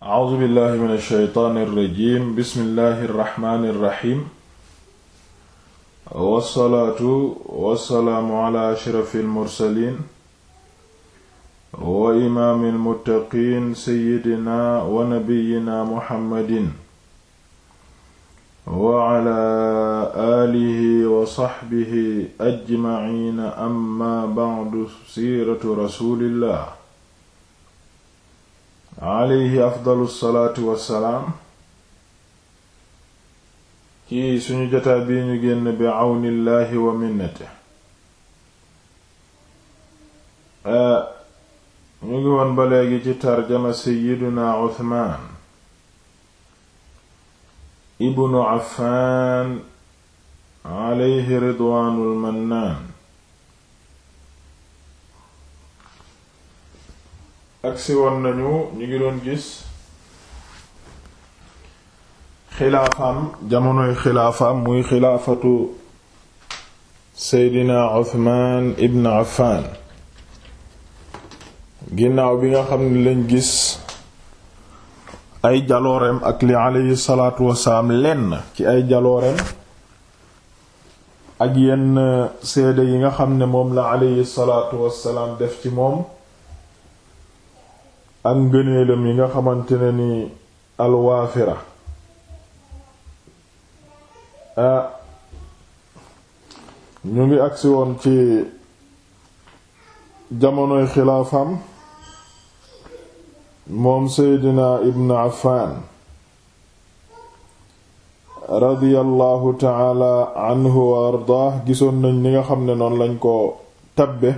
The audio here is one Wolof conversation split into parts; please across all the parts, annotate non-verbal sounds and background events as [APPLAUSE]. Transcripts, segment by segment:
a'uuzu billahi min alsheytaani irrajim bismillahi irraxmaani irraxim wassalaatu wassalaamu ala ashrafi almursalin wa imaami almuttaqiin seyidina wa nabiyina muhammadin wa ala aalihi wa saxbihi ajmaciina amma bacdu siiratu rasulillah alayhi afdalu salaatu wassalaam ci suñu jotaa bii ñu génn bi àwnillaahi wa minnate mu ngi woon ba léegi ci tarjama seyyiduna Usmaan ibnu Affaan alayhi ridwaanul mannaan agsi woon nañu ñu ngi doon gis xilaafam jamonoy xilaafam muy xilaafatu seydina Uthman ibn Affan ginnaaw bi nga xam ne lañ gis ay jaloorem ak li aleyhi salaatu wasalaam lenn ci ay jalooreem ak yenn seede yi nga xam ne moom la aleyhi salaatu wasalaam def ci moom ak ngëneelam yi nga xamante ne ni alwaafira ah, ñu ngi agsi woon ci jamonoy xilaafam moom seydina ibn affan radiyallahu taala anhu wa ardaah gisoon nañ li nga xam ne noonu lañ ko tabbe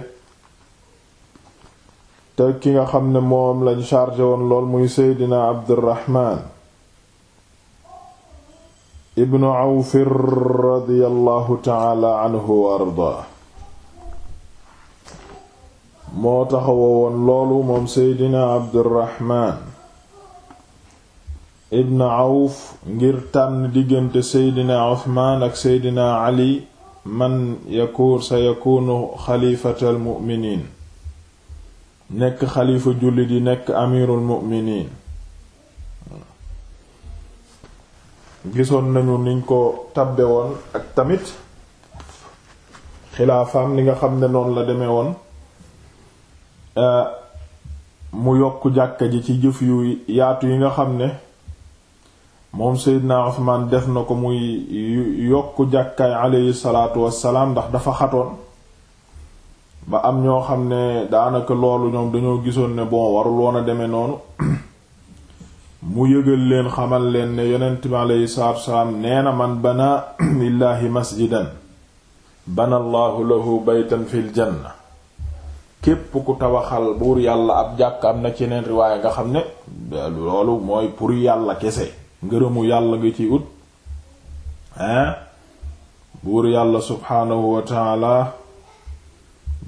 te ki nga xam ne moom lañ chargé woon lool muy seydina abdirahman ibnu awfir radiallahu taala anhu wa arda moo taxawa woon loolu moom seydina abdirahman ibnu awf ngir tànn diggante seydina uthman ak seydina ali man yakuun sa yakuunu xalifata almuminin nekk xalifa jullit yi nekk amirul mu'miniin gisoon nañu niñ ko tabbe woon ak tamit xilaafaam li nga xam ne noonu la demee woon mu yokk jàkka ji ci jëf yu yaatu yi nga xam ne moom Seydina Usmaan def na ko muy yokk jàkkaay aleyhi salaatu wassalaam ndax dafa xatoon ba am ñoo xam ne daanaka loolu ñoom dañoo gisoon ne boo warul woon a demee noonu [CLEARS THROAT] mu yëgal leen xamal leen ne yonent bi aleyhi salaatu wasalaam nee na man bana [CLEARS THROAT] lillaahi masjidan bana allahu lahu baytan fil janna képp ku tabaxal buur yàlla ab jàkk am na ci yeneen riwaaya nga xam ne loolu mooy pour yàlla kese ngërëmu yàlla nga ci ut hein buur yàlla subhaanahu wa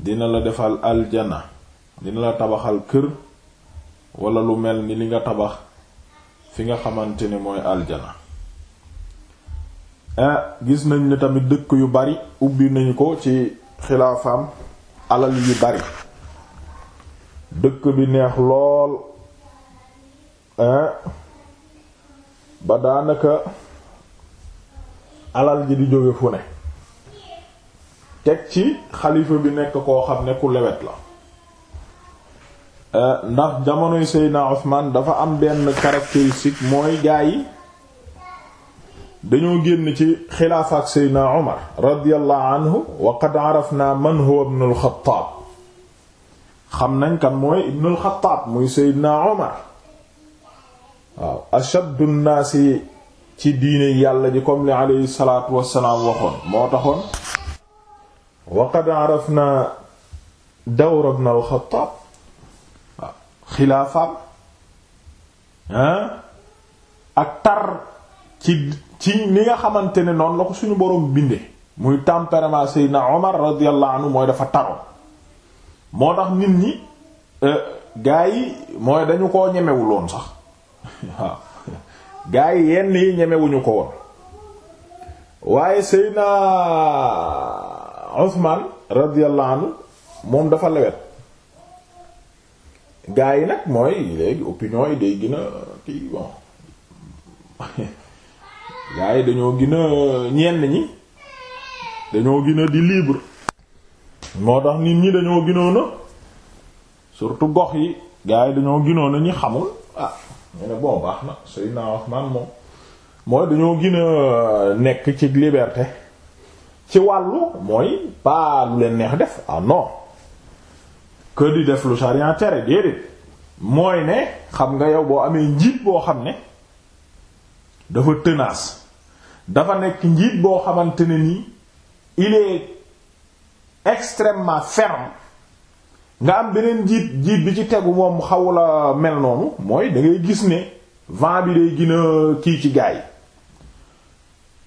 dina la defal aljana dina la tabaxal kër wala lu mel ni li nga tabax fi nga xamante ne mooy aljana ah gis nañ ne tamit dëkk yu bari ubbi nañu ko ci xilaafaam alal yu bari dëkk bi neex lool eh, ba daanaka alal ji di jóge fu ne teg ci xalifa bi nekk koo xam ne lewet la euh, ndax jamonoy Seydina Ousmane dafa am benn caractéristique mooy gaa yi dañoo génn ci xilaafa ak Omar radiyallahu anhu wa qad arafna man huwa ibnul Xattaab xam nañ kan mooy ibnul Xattaab muy Seydina Omar waaw ashaddu nnaasi ci diine yàlla ji kom li alayhi salaatu wassalaam waxoon moo taxoon a waqad na dawra ibn al-Xattaab waaw xilaafaam ak tar ci ci ni nga xamante ne noonu la ko suñu boroom bindee muy tempérament Seydina Omar radiyallahu anhu mooy dafa taroon moo tax nit ñi euh, gaa yi mooy dañu koo ñemewuloon sax waaw gaa yi yenn yi ñemewuñu ko woon waaye Seydina Usmaan radiyallahu anhu moom dafa lewet gaa yi nag mooy léegi opinion yi day gën kii bon [LAUGHS] gaa yi dañoo gën a ñenn ñi dañoo gën di libre moo tax nit ñi dañoo gënoon a surtout gox yi gaa yi dañoo gënoon ñi xamul ah na Seydina Usmaan moom mooy dañoo gën a nekk ci liberté ci wàllu mooy pas lu leen neex def ah non que di def lu charian tere déedéet mooy ne xam nga yow boo amee njiit boo xam ne dafa tenace dafa nekk njiit boo xamante ne nii il est extrêmement ferme nga am beneen njiit njiit bi ci tegu moom xaw la mel noonu mooy da ngay gis ne vent bi day gën a kii ci gaay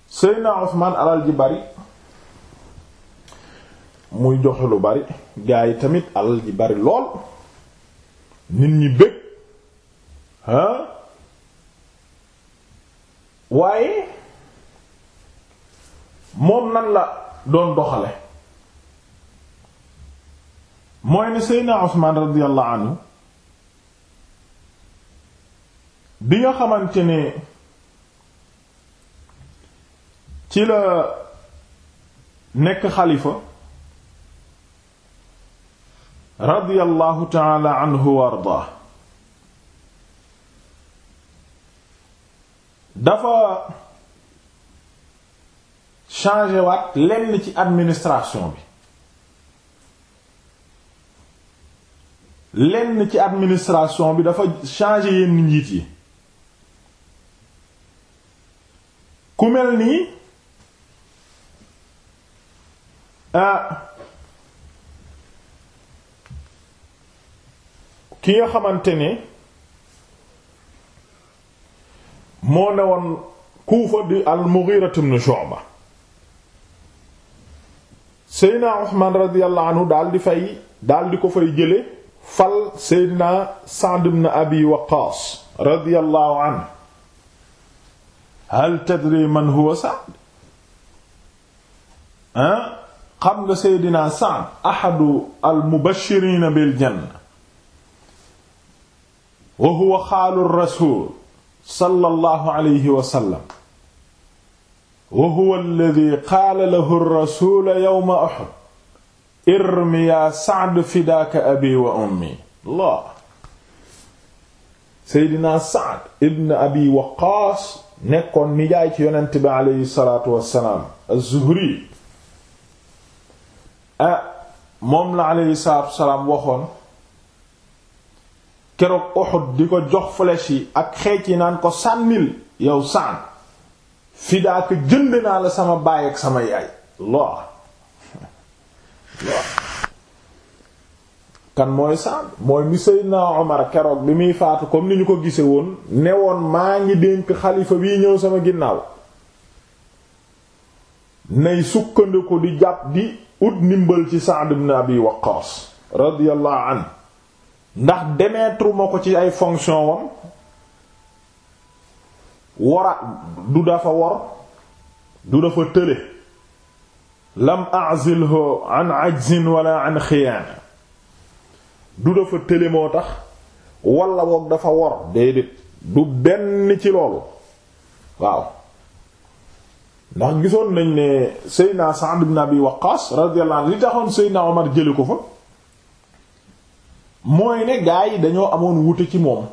Seydina Ousmane alal ji bari muy joxe lu bari gaa yi tamit alal ji bari lool nit ñi bëgg waaye moom nan la doon doxale mooy ne Seydina Usmaan radiyallahu anhu bi nga xamante ne ci la nekk xalifa radiyallahu taala anhu wa ardaa dafa changé waat lenn ci administration bi lenn ci administration bi dafa changé yenn njiit yi ku mel nii ah ki nga xamante ne moo ne woon Kuufa di al-Mughira ibn Shu'ba Seydina Usmaan radiyallahu anhu daal di fay daal di ko fay jële fal Seydina Sa'd ibn Abi Waqqaas radiyallahu anhu hal tadri man huwa Sa'd ah xam nga Seydina Sa'd ahadu al-mubashirina bil janna wa huwa xaalu rasul sallallahu alayhi wa sallam wa huwa alladhi qaala lahu ar-rasul yawma uhud irmi ya sa'd fidaaka abi wa ummi Allah seydina sa'd ibn abi waqaas nekkoon nijaay ci yonent bi aleyhi salaatu wassalaam az-zuhri ah moom la aleyhi salaatu wassalaam waxoon keroog Uhud di ko jox flèche yi ak xeec yi naan ko sànnil yow saan fi daa ko jënd naa la sama baay ak sama yaay loo kan mooy saan mooy mi Seydina Omar keroog bi muy faatu comme ni ñu ko gise woon ne woon maa ngi dénk xalifa bii ñëw sama ginnaaw nay sukkandiku di jàpp di ut ndimbal ci Sa'd ibn Abi Waqqas radiyallahu ndax démettre ma ko ci ay fonction wam wara du dafa wor du dafa tële lam a'zilhu an ajzin wala an xiyaana du dafa tële moo tax walla boog dafa wor déedéet du benn ci loolu waaw ndax gisoon nañ ne Seydina Sa'd ibn Abi Waqqas radiyallahu anhu li taxoon Seydina Omar jëli ko fa mooy ne gaa yi dañoo amoon wute ci moom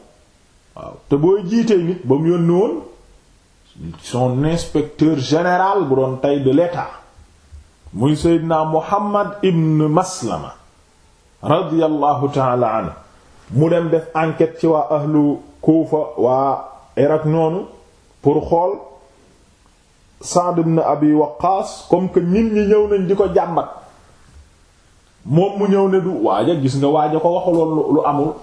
waaw te booy jiitee nit ba mu yónni woon son inspecteur général bu doon tey de l'État muy Seydina Muhammad ibn Maslama radiyallahu taala anhu mu dem def enquête ci waa ahlu Kuufa waa Irak noonu pour xool Saad ibn Abi Waqqas comme que nit ñi ñëw nañ di ko jàmbat moom mu ñëw ne du waaja gis nga waaja ko waxuloon lu amul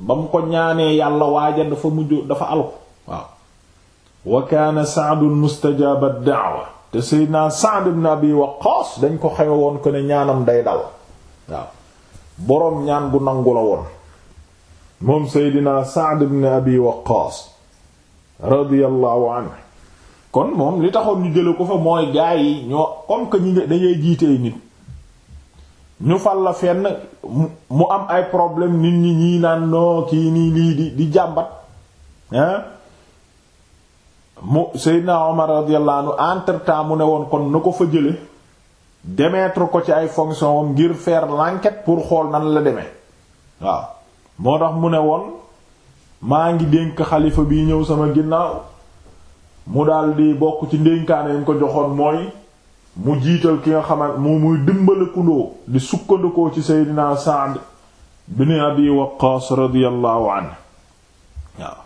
ba mu ko ñaanee yàlla waaja dafa mujj dafa alko waaw wa kaana mustajaab ad-da'wa te sayyidina Sa'd ibn Abi Waqqaas dañ ko xewe woon ko ne ñaanam day dal waaw boroom ñaan gu nangu la woon moom seydina Sa'd ibn Abi Waqqaas kon moom li taxoon ñu jële ko fa mooy gaa yi ñoo comme que ñi dañuy jiitee nit ñu fal la fenn mu am ay problème nit ñi ñii naan noo kii nii lii di jàmbat hein mu Seydina Omar radiyallahu anhu entre temps mu ne woon kon na ko fa jële démettre ko ci ay fonction ngir faire l'enquête pour xool nan la demee waaw moo tax mu ne woon maa ngi dénk xalifa bi ñëw sama ginnaaw mu di bokk ci ndénkaane yi mu ko joxoon mooy mu jiital ki nga xamante mu muy dimbalikuloo di sukkandikoo ci seydinaa Sa'd bin Abi Waqqaas radiyallahu anhu waaw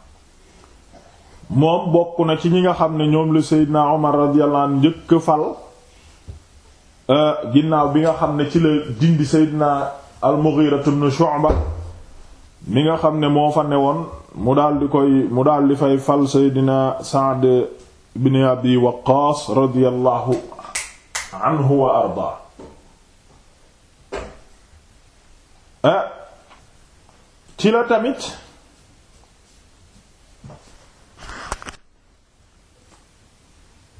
moom bokk na ci ñi nga xam ne ñoom la seydinaa Omar radiyallahu anhu njëkk fal euh, ginnaaw bi nga xam ne ci la dindi seydinaa al-Mughira ibn Shu'ba mi nga xam ne moo fa newoon mu daal di koy mu daal di fay fal seydinaa Sa'd bin Abi Waqqaas radiyallahu anhu ci la tamit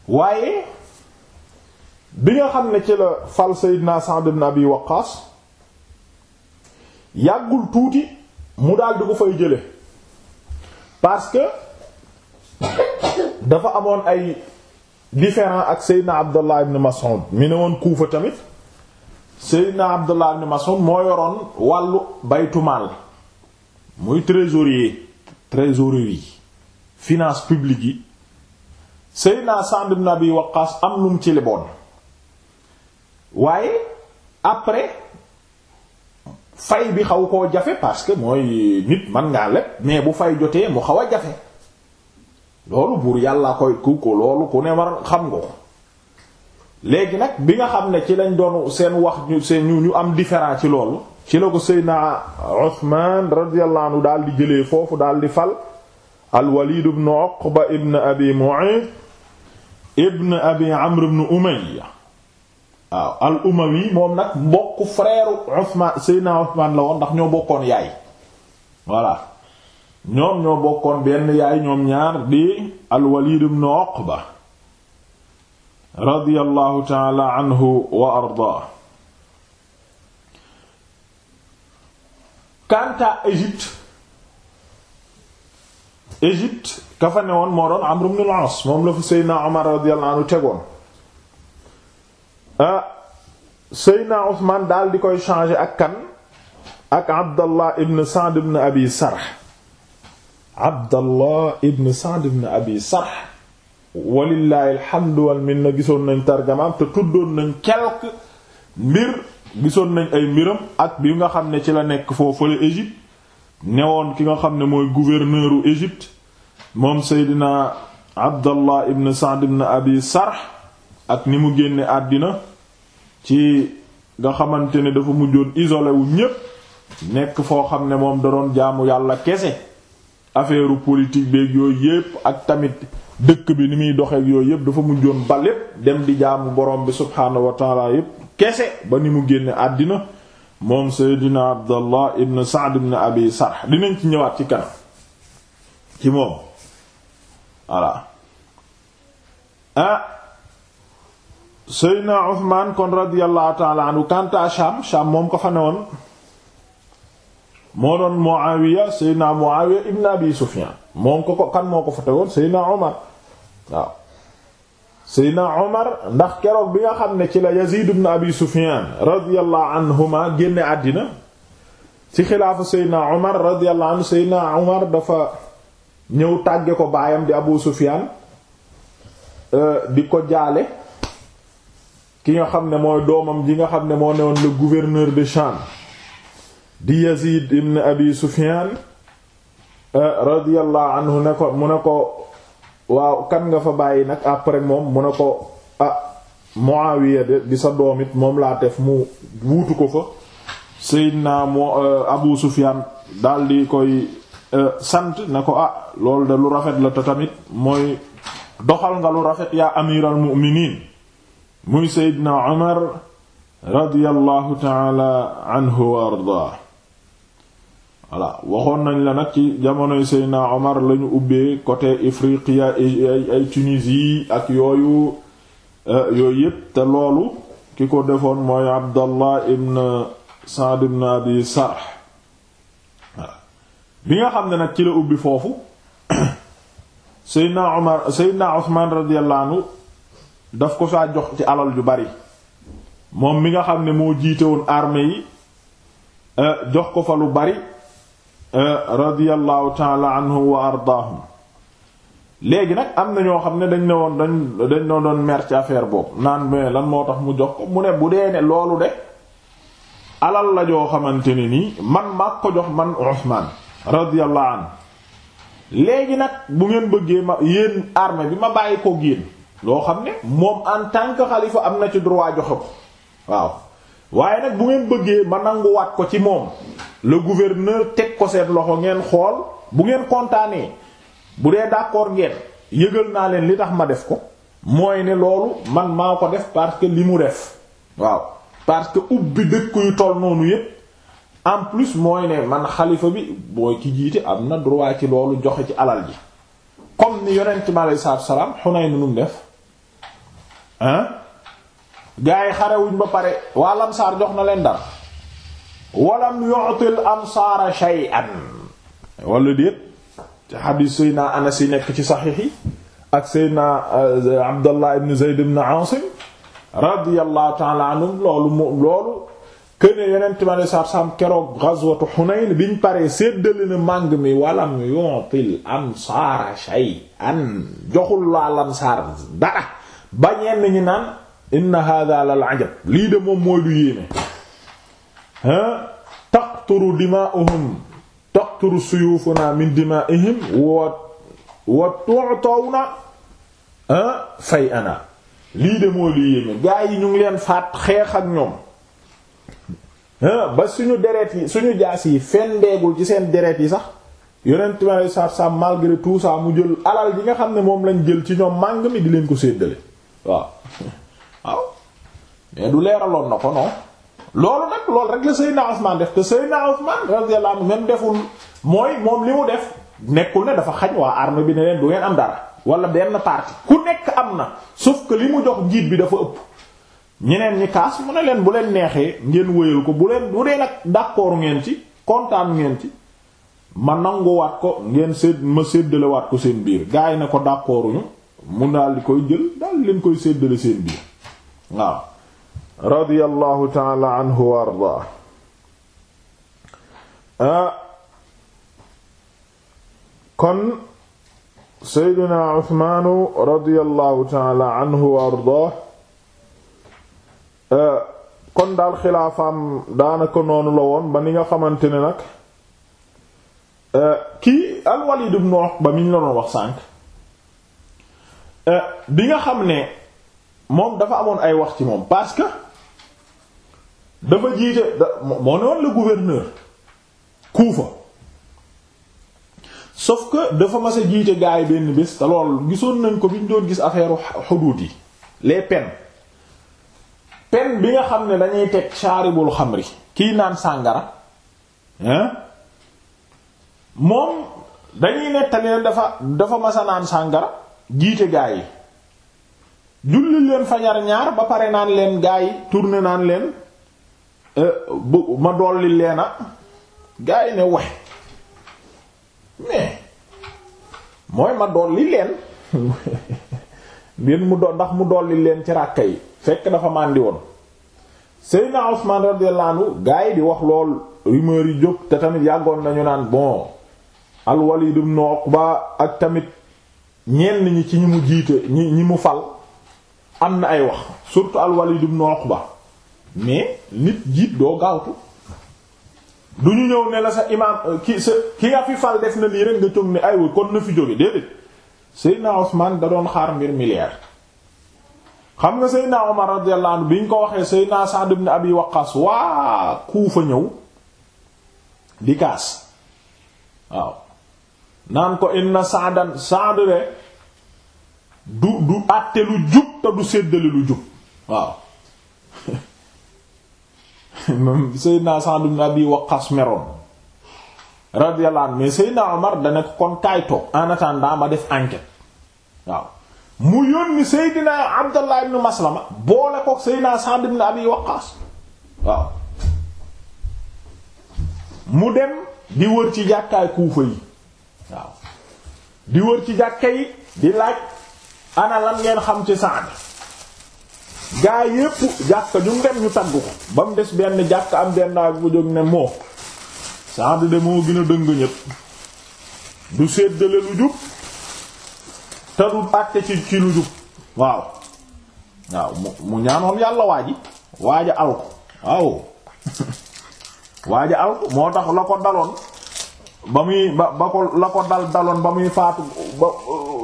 waaye bi nga xam ne ci la fal Seydina Sa'd ibn Abi yàggul tuuti mu daal di ko fay jële parce que dafa amoon ay différent ak Seydina Abdullah ibn Mas'ud mi ne woon Kuufa tamit Seydina Abdullah ibn Mas'ud moo yoroon wàllu baytumaal muy trésorier yi finance publique yi Seydina Sa'd ibn Abi Waqqas am num ci liboon waaye après fay bi xaw koo jafe parce que mooy nit mën ngaa leb mais bu fay jotee mu xaw a jafe loolu buur yàlla koy ku ko loolu ku ne war xam nga ko léegi nag bi nga xam ne ci lañ doon seen wax ñu seen ñu ñu am différent ci loolu ci la ko seydna Usmaan radiyallahu anhu daal di jëlee foofu daal di fal al Walid ibn Uqba ibn Abi Mu'ayth ibn Abi Amr ibn Umayya waaw al Umawi moom nag mbokk frère Usmaan seydna Usmaan la woon ndax ñoo bokkoon yaay voilà ñoom ñoo bokkoon benn yaay ñoom ñaar di al-Walid ibn Uqba radiyallahu ta'ala anhu wa ardaa kanta Égypte Égypte ka fa moo doon Amr ibn al moom la fa Seydina Omar radiyallahu anhu tegoon ah Seydina daal di koy changer ak kan ak Abdallah ibn Sa'd ibn Abi Sarh abdallah ibn sa'd ibn abi sarh walillahi alhamdu min na gisoon nañ targamaam te tuddoon nañ quelque mbir gisoon nañ ay mbiram ak bi nga xam ne ci la nekk foofu la Égypte newoon ki nga xam ne mooy gouverneuru Égypte moom seydina abdallah ibn sa'd ibn abi sarh ak ni mu génne àddina ci nga xamante ne dafa mujjoon isolé wu ñépp nekk foo xam ne moom da doon jaamu yàlla kese affaire politique beeg yooyu yépp ak tamit dëkk bi ni muy doxeeg yooyu yépp dafa mujjoon ba lépp dem di jaamu borom bi subhaanahu wa yépp kese ba ni mu génne àddina moom Seydina Abdallah ibn Sa'd ibn Abi Sarh dinañ ci ñëwaat ci kanam ci moom voilà ah Seydina Uthman kon radiyallahu taala anhu kanta Sham Sham moom ko fa newoon moo doon Muawiya Seydina Muawiya ibn Abi Sufyan moom ko ko kan moo ko fate woon Omar waaw Seydina Omar ndax keroog bi nga xam ne ci la Yazid ibn Abi Sufyan radiyallahu anhuma génne àddina ci xilaafu Seydina Omar radiyallahu anhu Seydina Omar dafa ñëw tàgge ko baayam di Abu Sufyan euh, di ko jaale ki nga xam ne mooy doomam ji nga xam ne moo newoon le gouverneur de Sham di Yazid ibn Abi Sufyan eh, radiyallahu anhu ne ko mu ne ko waaw kan nga fa bàyyi nag après moom mu ne ko ah Muawiya de di sa doom moom laa def mu wuutu ko fa Seydina mo eh, Abu Sufyan di koy eh, sant ne ko ah loolu de lu rafet la te mooy doxal nga lu rafet yaa amiral mu'miniin muy Seydina Umar radiyallahu ta'ala anhu wa ardaa voilà waxoon nañ la nag ci jamonoy Seydina Omar lañu ñu ubbee côté Ifriqiya ay ay Tunisie ak yooyu euh, yooyu yëpp te loolu ki ko defoon mooy Abdallah ibn Sa'd ibn Abi Sarh bi nga xam ne nag ci la ubbi foofu [COUGHS] Seydina Omar Seydina Othman radiyallahu anhu daf ko saa jox ci alal ju bari moom mi nga xam ne moo jiite woon armée yi euh, jox ko fa lu bari Eh, radiyallahu taala anhu wa ardaahum léegi nag am na ñoo xam ne dañ ne woon dañ dañ ne doon mer ci affaire boobu naan mais lan moo tax mu jox ko mu ne bu dee ne loolu de alal la joo xamante ne nii man maa ko jox man Usmaan radiyallahu anhu léegi nag bu ngeen bëggee ma yéen armée bi ma bàyyi ko génn loo xam ne moom en tant que xalifa am na ci droit joxe waaw waaye nag bu ngeen bëggee ma nanguwaat ko ci moom le gouverneur teg ko seet loxo ngeen xool bu ngeen kontaanee bu dee d'accord ngeen yëgal naa leen li tax ma def ko mooy ne loolu man maa ko def parce que li mu def waaw parce que ubbi dëkk yu toll noonu yëpp en plus mooy ne man xalifa bi booy ki jiite am na droit ci loolu joxe ci alal ji comme ni yonent mi aleyhi salaatu salaam Hunayn nu mu def hein gaa yi xarewuñ ba pare waa Lamsaar jox na leen dara walam yu'til ci xadiis seydna anas nekk ci saxiix yi ak seydna euh, abdallah ibn zayd ibn aasim radiyallahu taala anhum loolu moom loolu këne yonent keroog gazwatu xunayn biñ paree séddali na màng mi walam yu'til ansaara shay'an joxul laa lansaar dara ba ñenn ñi naan inna hadha lal ajab lii de moom mooy du yéeme taqturu dimaa'uhum taqturu suyuufunaa min dimaa'ihim wa wa tu'tawna fay'anaa lii de moo li yéeme gaa yi ñu ngi leen faat xeex ak ñoom ba suñu deret yi suñu jaas yi fenn ndeegul ci seen deret yi sax yonent mi alayhi salaatu salaam malgré tout ça mu jël alal ji nga xam ne moom lañ jël ci ñoom màng mi di leen ko séddale waaw [LAUGHS] waaw mais du leeraloon na ko non loolu nag loolu rek la Seydina Usman def te Seydina Usman radiyallahu anhu même deful mooy moom li mu def nekkul ne dafa xaj waa armée bi ne leen du ngeen am dara wala benn parti ku nekk am na sauf que li mu jox jiit bi dafa ëpp ñeneen ñi kaas mu ne leen bu leen neexee ngeen wëyal ko bu leen bu dee nag d'accord ngeen ci kontaan ngeen ci ma nanguwaat ko ngeen sédd ma séddalewaat ko seen biir gars yi ne ko d'accorduñu mu daal di koy jël daal leen koy séddale seen biir waaw radiyallahu taala anhu wa ardaa a kon seydina Usmaanu radiyallahu taala anhu wa ardaa kon daal xilaafaam daanaka noonu la woon ba ni nga xamante ne nag kii al-Walid ibn Uqba mi ñu la doon wax sànq bi nga xam ne moom dafa amoon ay wax ci moom parce que dafa jiite da moo ne woon le gouverneur Kuufa sauf que dafa mas jiite gaa yi benn bés te lool gisoon nañ ko bi ñu doon gis affaire xuduut yi les peines peine bi nga xam ne dañuy teg shaaribul xamri kiy naan sàngara hein moom dañuy nettali dafa dafa mas naan sàngara jiite gaa yi julli leen fajar ñaar ba pare naan leen gaa yi tourné naan leen Euh, bu ma dolli leena gaa yi ne wax mais mooy ma dolli leen [LAUGHS] mu do ndax mu dolli leen ci ràkka yi fekk dafa màndi woon Seydina Usman radiyallahu anhu gaa yi di wax lool rumeur yi jóg te tamit yàggoon nañu naan bon al Walid ibn Uqba ak tamit ñenn ñi ci ñi mu jiite ñi ñi mu fal am na ay wax surtout al Walid ibn ba mais nit jiit doo gaawtu du ñu ñëw ne la sa imaam euh, ki sa ki nga fi fal def na lii rek nga cog ne aywa kon na fi jóge déedéet Seydina Usman da doon xaar mbir mi xam nga Seydina Omar radiyallahu anhu bi ñu ko waxee Seydina Sa'd ibn Abi Waqqas waa Kufa ñëw di kaas waaw naan ko inna Sa'dan Sa'd du du àtte lu jub te du séddale lu jub waaw moom Seydina Sa'd ibn Abi meroon radiyallahu mais Seydina Omar da nekk kon kaay toog en ma def enquête waaw mu yónni Seydina Abdallah Maslama boole kook Seydina Sa'd ibn Abi Waqqas waaw mu dem di wër ci jàkkaay Kuufa yi waaw di wër ci jàkka yi di laaj ana ngeen xam ci Sa'd gaa yépp jàkka ñu dem ñu tagg ko ba mu des benn jàkka am benn naaj bu jóg ne moo Saad de moo gën a dëng du séddale lu jub te du ci lu jub waaw waaw mu ñaanoon yàlla waaji waaja alko waaw [LAUGHS] waaja alko moo tax la ko daloon ba muy ba ba ko la ko dal daloon ba muy faatu ba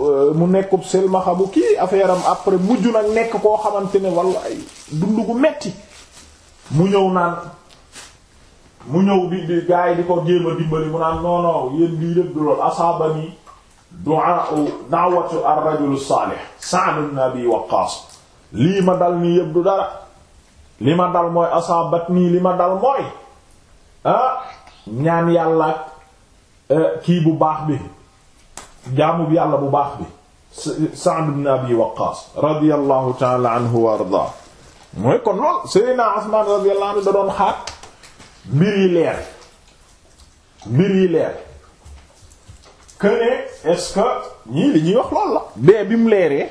euh, mu nekkub silmaxa bu kii affaire am après mujj nag nekk koo xamante ni walla ay gu metti mu ñëw naan mu ñëw di di gaay di ko géem dimbali mu naan non non yéen lii du lool asaabani du'a da'watu ar-rajul as-salih Sa'd ibn lii ma dal nii yëpp du dara li ma dal mooy asaabat nii li ma dal mooy ah ñaan yàlla Euh, kii bu baax bi jaamu bi yàlla bu baax bi Sa'd ibn Abi Waqqas radiyallahu ta'ala anhu wa ardaa mooy kon lool Seydina Usmaan radiyallahu anhu da doon xaar mbir yi leer mbir yi leer que ne ñii li ñuy wax lool la bee bi mu leeree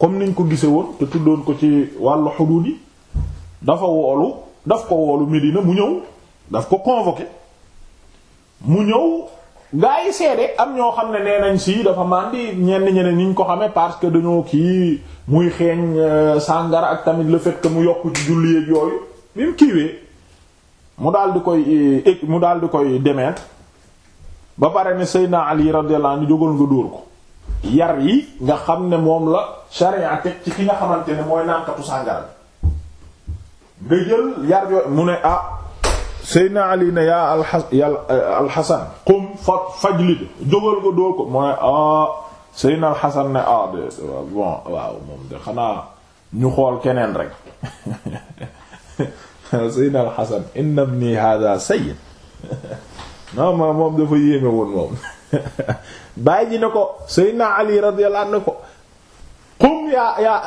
comme niñ ko gise woon te tuddoon ko ci wàllu xuduud yi dafa woolu daf ko woolu Medina mu ñëw daf ko convoqué mu ñëw gaa yi seede am ñoo xam ne nee nañ si dafa màndi ñenn ni ñu ko xame parce que dañoo kii muy xeeñ euh, sàngara ak tamit le fait mu yokk ci julli ak yooyu bi mu kiiwee mu daal di koy euh, mu daal di koy demeet ba pare ne Seydina Ali radiyallahu anhu jógal nga dóor ko yar yi nga xam ne moom la sharia teg ci ki nga xamante ne mooy naankatu sàngara nga jël yar yooyu mu ne ah Seydina Ali ne yaa alxas alxasan qum fa fajlid jógal ko dóor ko mooy alxasan ne ah de ah, bon moom de xanaa ñu xool keneen rek [LAUGHS] Seydina alxasan inna ibni hada sayyid [LAUGHS] non ma moom dafa yéeme woon moom [LAUGHS] bàyyi ji ne ko Seydina Ali radiyallahu anhu ko qum yaa yaa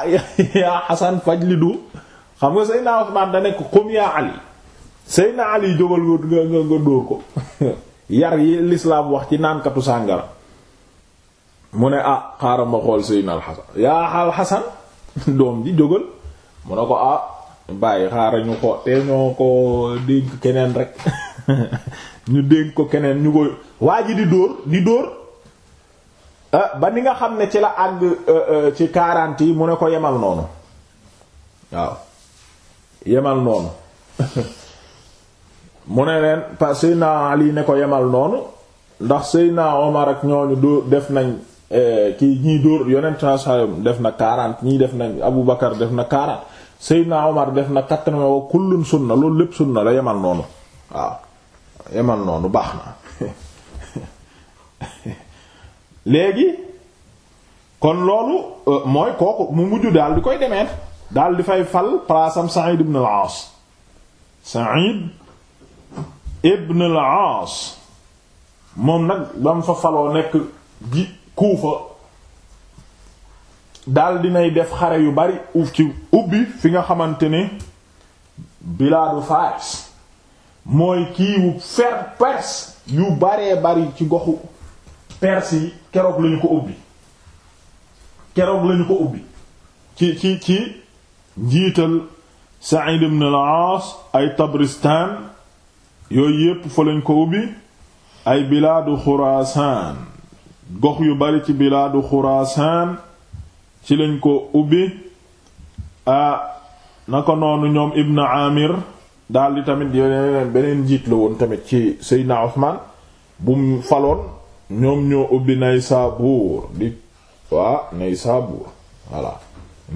yaa xasan fajlidu xam nga Seydina Usmaan da qum yaa Ali Seydina Ali jógal nga nga nga dóor ko yar yi lislaam wax ci naankatu sàngara mu ne ah xaaral ma xool Seydina Alxasan yaa Alxasan [LAUGHS] doom ji jógal mu ne ko ah bàyyi xaaral ñu xool te ñoo ko dénk keneen rek [LAUGHS] ñu dénk ko keneen ñu ko waa ji di dóor di dóor eh, ba ni nga xam ne ci la àgg eh, eh, ci quarante yi mu ne ko yemal noonu waaw yemal noonu [LAUGHS] mu ne leen pa Seydina Ali ne ko yemal noonu ndax Seydina Omar ak ñooñu dóor def nañ eh, kii ñii dóor yonent sallam def na 40 ñii def nañ Abu Bakar def na 40 naa Omar def na 80 wa kullun sunna loolu lépp sunna la yemal noonu waaw yemal noonu baax na [LAUGHS] léegi kon loolu euh, mooy kooku mu mujj daal di koy demeet daal di fay fal palaasam Sa'id ibn al-As ibn al moom nag ba fa faloo nekk ji Kuufa daal dinay def xare yu bari uf ci ubbi fi nga xamante ne bilaadu Faris mooy kiiwu fer Perse yu baree bari ci goxu Perse yi keroog lañu ko ubbi keroog lañu ko ubbi ci ci ci njiital Sa'id ibn al ay Tabristan yooyu yépp fa ko ubbi ay bilaadu xuraasaan yu bari ci bilaadu xuraasaan ci lañ ko ubbi a noonu ñoom ibn amir daldi tamit beneen njiit tamit ci seydna Usmaan ñoom ñoo ubbi Naysaabuur di waa Naysaabuur voilà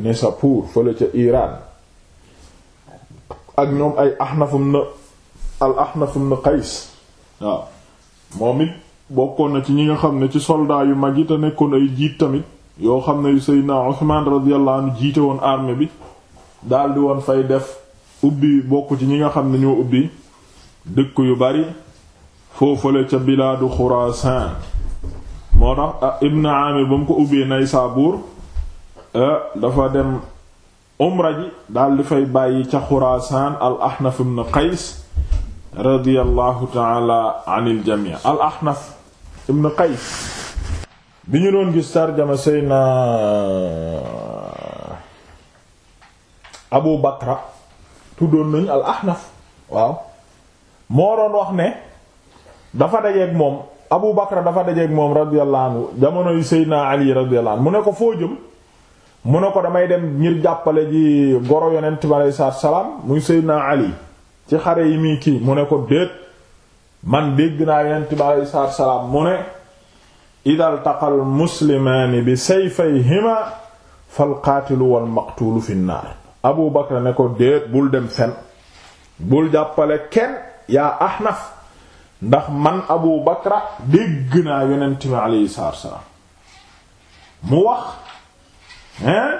Naysaabuur fële ca Iran ak ñoom ay Ahnafum na al Ahnaf ibn Qays waaw moom it bokkoon na ci ñi nga xam ne ci soldat yu mag yi te nekkoon ay jiit tamit yoo xam ne yu Seydina Usmaan radiyallahu jiite woon armée bi daldi woon fay def ubbi bokk ci ñi nga xam ne ñoo ubbi dëkk yu bari foofale ca bilaadu Xuraasaan moo tax ah, Ibn Amir ba mu ko ubbee Naysaabuur eh, dafa dem umra ji daldi fay bàyyi ca Xuraasaan al Ahnaf ibn Qays radiyallahu taala an al ahnaf ibn qays bi ñu doon gis tarjama seyna abu bakra tuddoon nañu al ahnaf waaw moo doon wax ne dafa dajeeg moom abu bakra dafa dajeeg moom radiyallahu anhu jamonoy seyna ali radiyallahu anhu mu ne ko foo jëm mu ne ko damay dem ngir jàppale ji goro yonent bi aleyhi salaam muy seyna ali ci xare yi muy kii mu ne ko déet man dégg naa yonent bi aleyhi salaatu salaam mu ne idal taqal muslimaani bi sayfayhima fal qaatilu wal maqtuulu fi naar abu bakra ne ko déet bul dem fen bul jàppale kenn yaa ahnaf ndax man abu bakra dégg naa yonent bi aleyhi salaatu salaam mu wax hein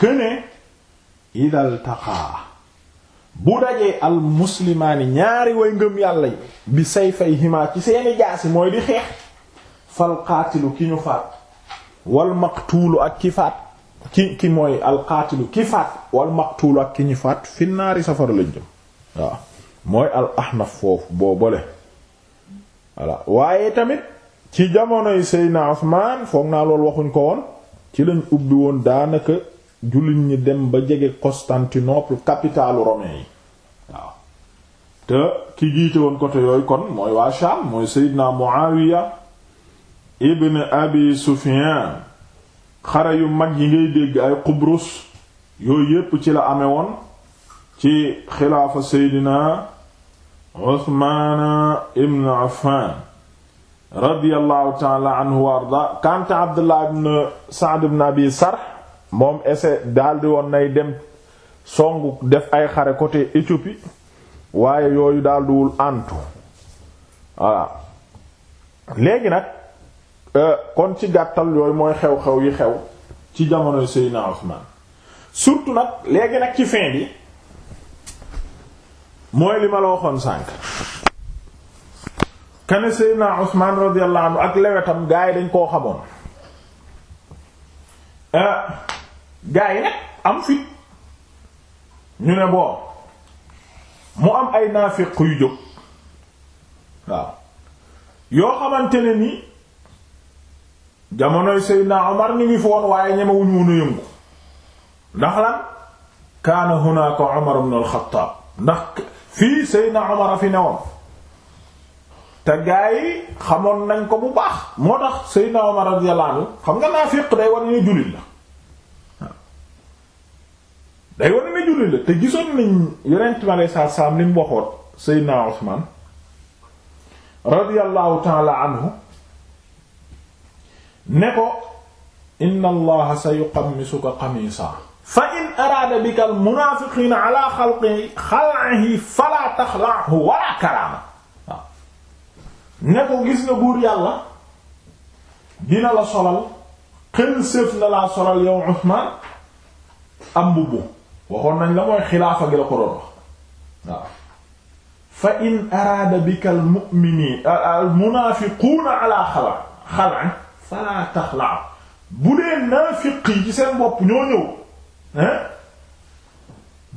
këne idal taqaa bu dajee al muslimaani ñaari way ngëm yàlla yi bi sayfayhima ci seeni jaasi mooy di xeex fal qaatilu ki ñu faat wal maqtuulu ak ki faat ki ki mooy al ki faat wal maqtuulu ak ki ñu faat fi naari safara lañ jëm waaw mooy al ahnaf foofu boobale voilà waaye tamit ci jamonoy Seydina Usmaan foog naa loolu waxuñ ko woon ci lañ ubbi woon daanaka jullit ñi dem ba jege Constantinople capitalu romain yi waaw te ki jiite woon côté yooyu kon mooy waa Sham mooy Seydina Muawiya ibn Abi Sufyan xare yu mag yi ngay dégg ay Qubrus yooyu yépp ci la amee woon ci xilaafa Seydina Uthman ibn Affan radiyallahu ta'ala anhu wa arda kanta Abdullah ibn Sa'd ibn Abi Sarh moom ese daldi woon nay dem songu def ay xare côté Éthiopie waaye yooyu daldiwul antu voilà léegi nag euh, kon ci gàttal yooyu mooy xew-xew yi xew ci jamonoy Seydina Ousmane surtout nag léegi nag ci fin bi mooy li ma la waxoon sànq kane Seydina Ousmane radiyallahu ak lewetam gaa yi dañ koo xamoon euh, gaa yi nag am fit ñu ne bon mu am ay naafiq yu jóg waaw yoo xamante ne ni jamonoy Seydina Omar ñu ngi foon waaye ñemewuñu woon yëngu ndax lan kaana hunaaka Omar ibn al ndax fii Seydina Omar a fi newoon te gaa yi xamoon nañ ko bu baax moo tax Seydina Omar radiyallahu anhu xam nga naafiq day war ne jullit la day wane ne julli la te gisoon nañ yonent mi aleyhi salaam li mu waxoon Seydina Usmaan radiyallahu taala anhu ne ko inna allaha sa yuqammisuka qamiisa fa in araada bika al munaafiqiina ala xalqihi fala taxla'hu wala karaama ne ko gis nga buur yàlla dina la solal xël na laa solal yow Usmaan am mbubb waxoon nañ la mooy xilaafa gi la ko doon wax waaw fa in araada bika al mu'miniin al munaafiquuna ala xala xala fala taxla bu dee naafiq yi ci seen bopp ñoo ñëw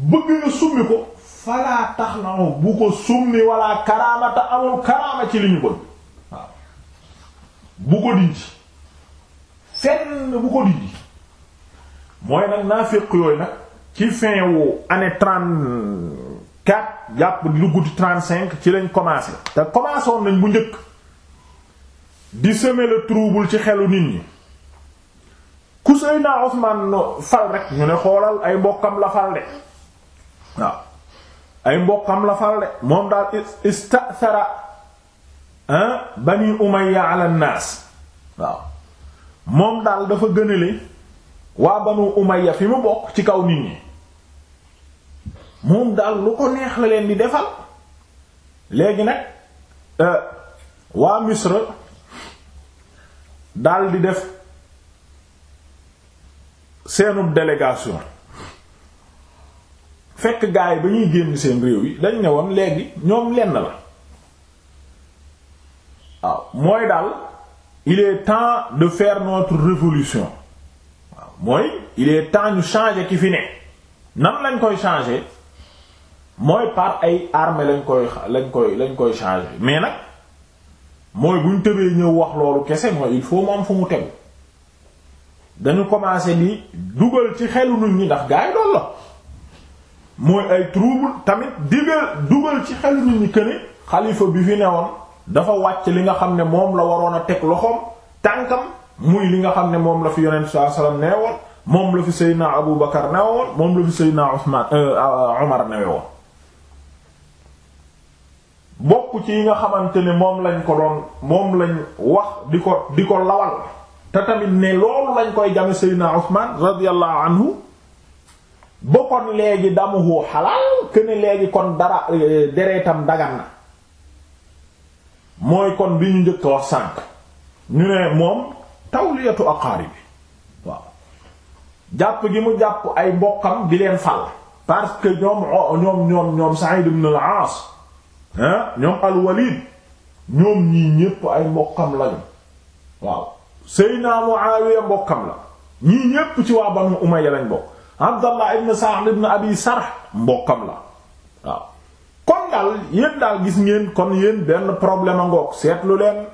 bëgg nga summi ko fala taxla bu amul karaama ci li ñu bëgg waaw bu ko dindi fenn bu ko dindi mooy nag naafiq yooyu nag ci fin wu année trente-quatre jàpp lu guddi trente ci lañ commencé te commencé woon nañ bu njëkk di semer le trouble ci xelu nit ñi ku Seydina Ousmane fal rek ñu ne xoolal ay mbokkam la fal de waaw ay mbokkam la fal de moom daal istathara Bani Umayya ala naas waaw moom daal dafa gënale waa Banu Umayya fi mu bokk ci kaw nit ñi moom daal lu ko neex la leen di defal léegi nag euh, waa Misra daal di def seenub délégation fekk gaay yi ba ñuy génn seen réew yi dañ ne woon léegi ñoom lenn la waaw mooy daal il est temps de faire notre révolution waaw mooy il est temps ñu changer ki fi ne nan lañ koy changer mooy par ay armée lañ koy lañ koy lañ koy changer mais nag mooy buñ tëbee ñëw wax loolu kese mooy il foo mu am fu mu tegu dañu commencé di dugal ci xelu nit ñi ndax gaay loolu la mooy ay trouble tamit digal dugal ci xelu nit ñi këne xalifa bi fi newoon dafa wàcc li nga xam ne moom la waroon a teg loxoom tànkam muy li nga xam ne moom la fi yonent sallallahu alayhi wasallam moom la fi Seydina Abu Bakar newoon moom la fi Seydina Usman Umar newoon bokk ci yi nga xamante ne moom lañ ko doon moom lañ wax di ko di ko lawal te tamit ne loolu lañ koy jame Seydina Usman radiyallahu anhu ba kon léegi damuhu xalaal que ne léegi kon dara euh, deretam dagan na mooy kon bi ñu njëkk wax sànq ñu ne moom tawliyatu aqaarib bi waaw jàpp gi mu jàpp ay mbokkam di leen fal parce ñoom ñoom ñoom ñoom Sa'id ibn ah ñoom al ñoom ñii ñépp ay mbokkam lañu waaw Seydina Muawiya mbokkam la ñii ñépp ci waa Banu Umayya lañ bokk Abdallah ibn Sa'd ibn Abi Sarh mbokkam la waaw kon daal yéen daal gis ngeen kon yéen benn problème ngoog seetlu leen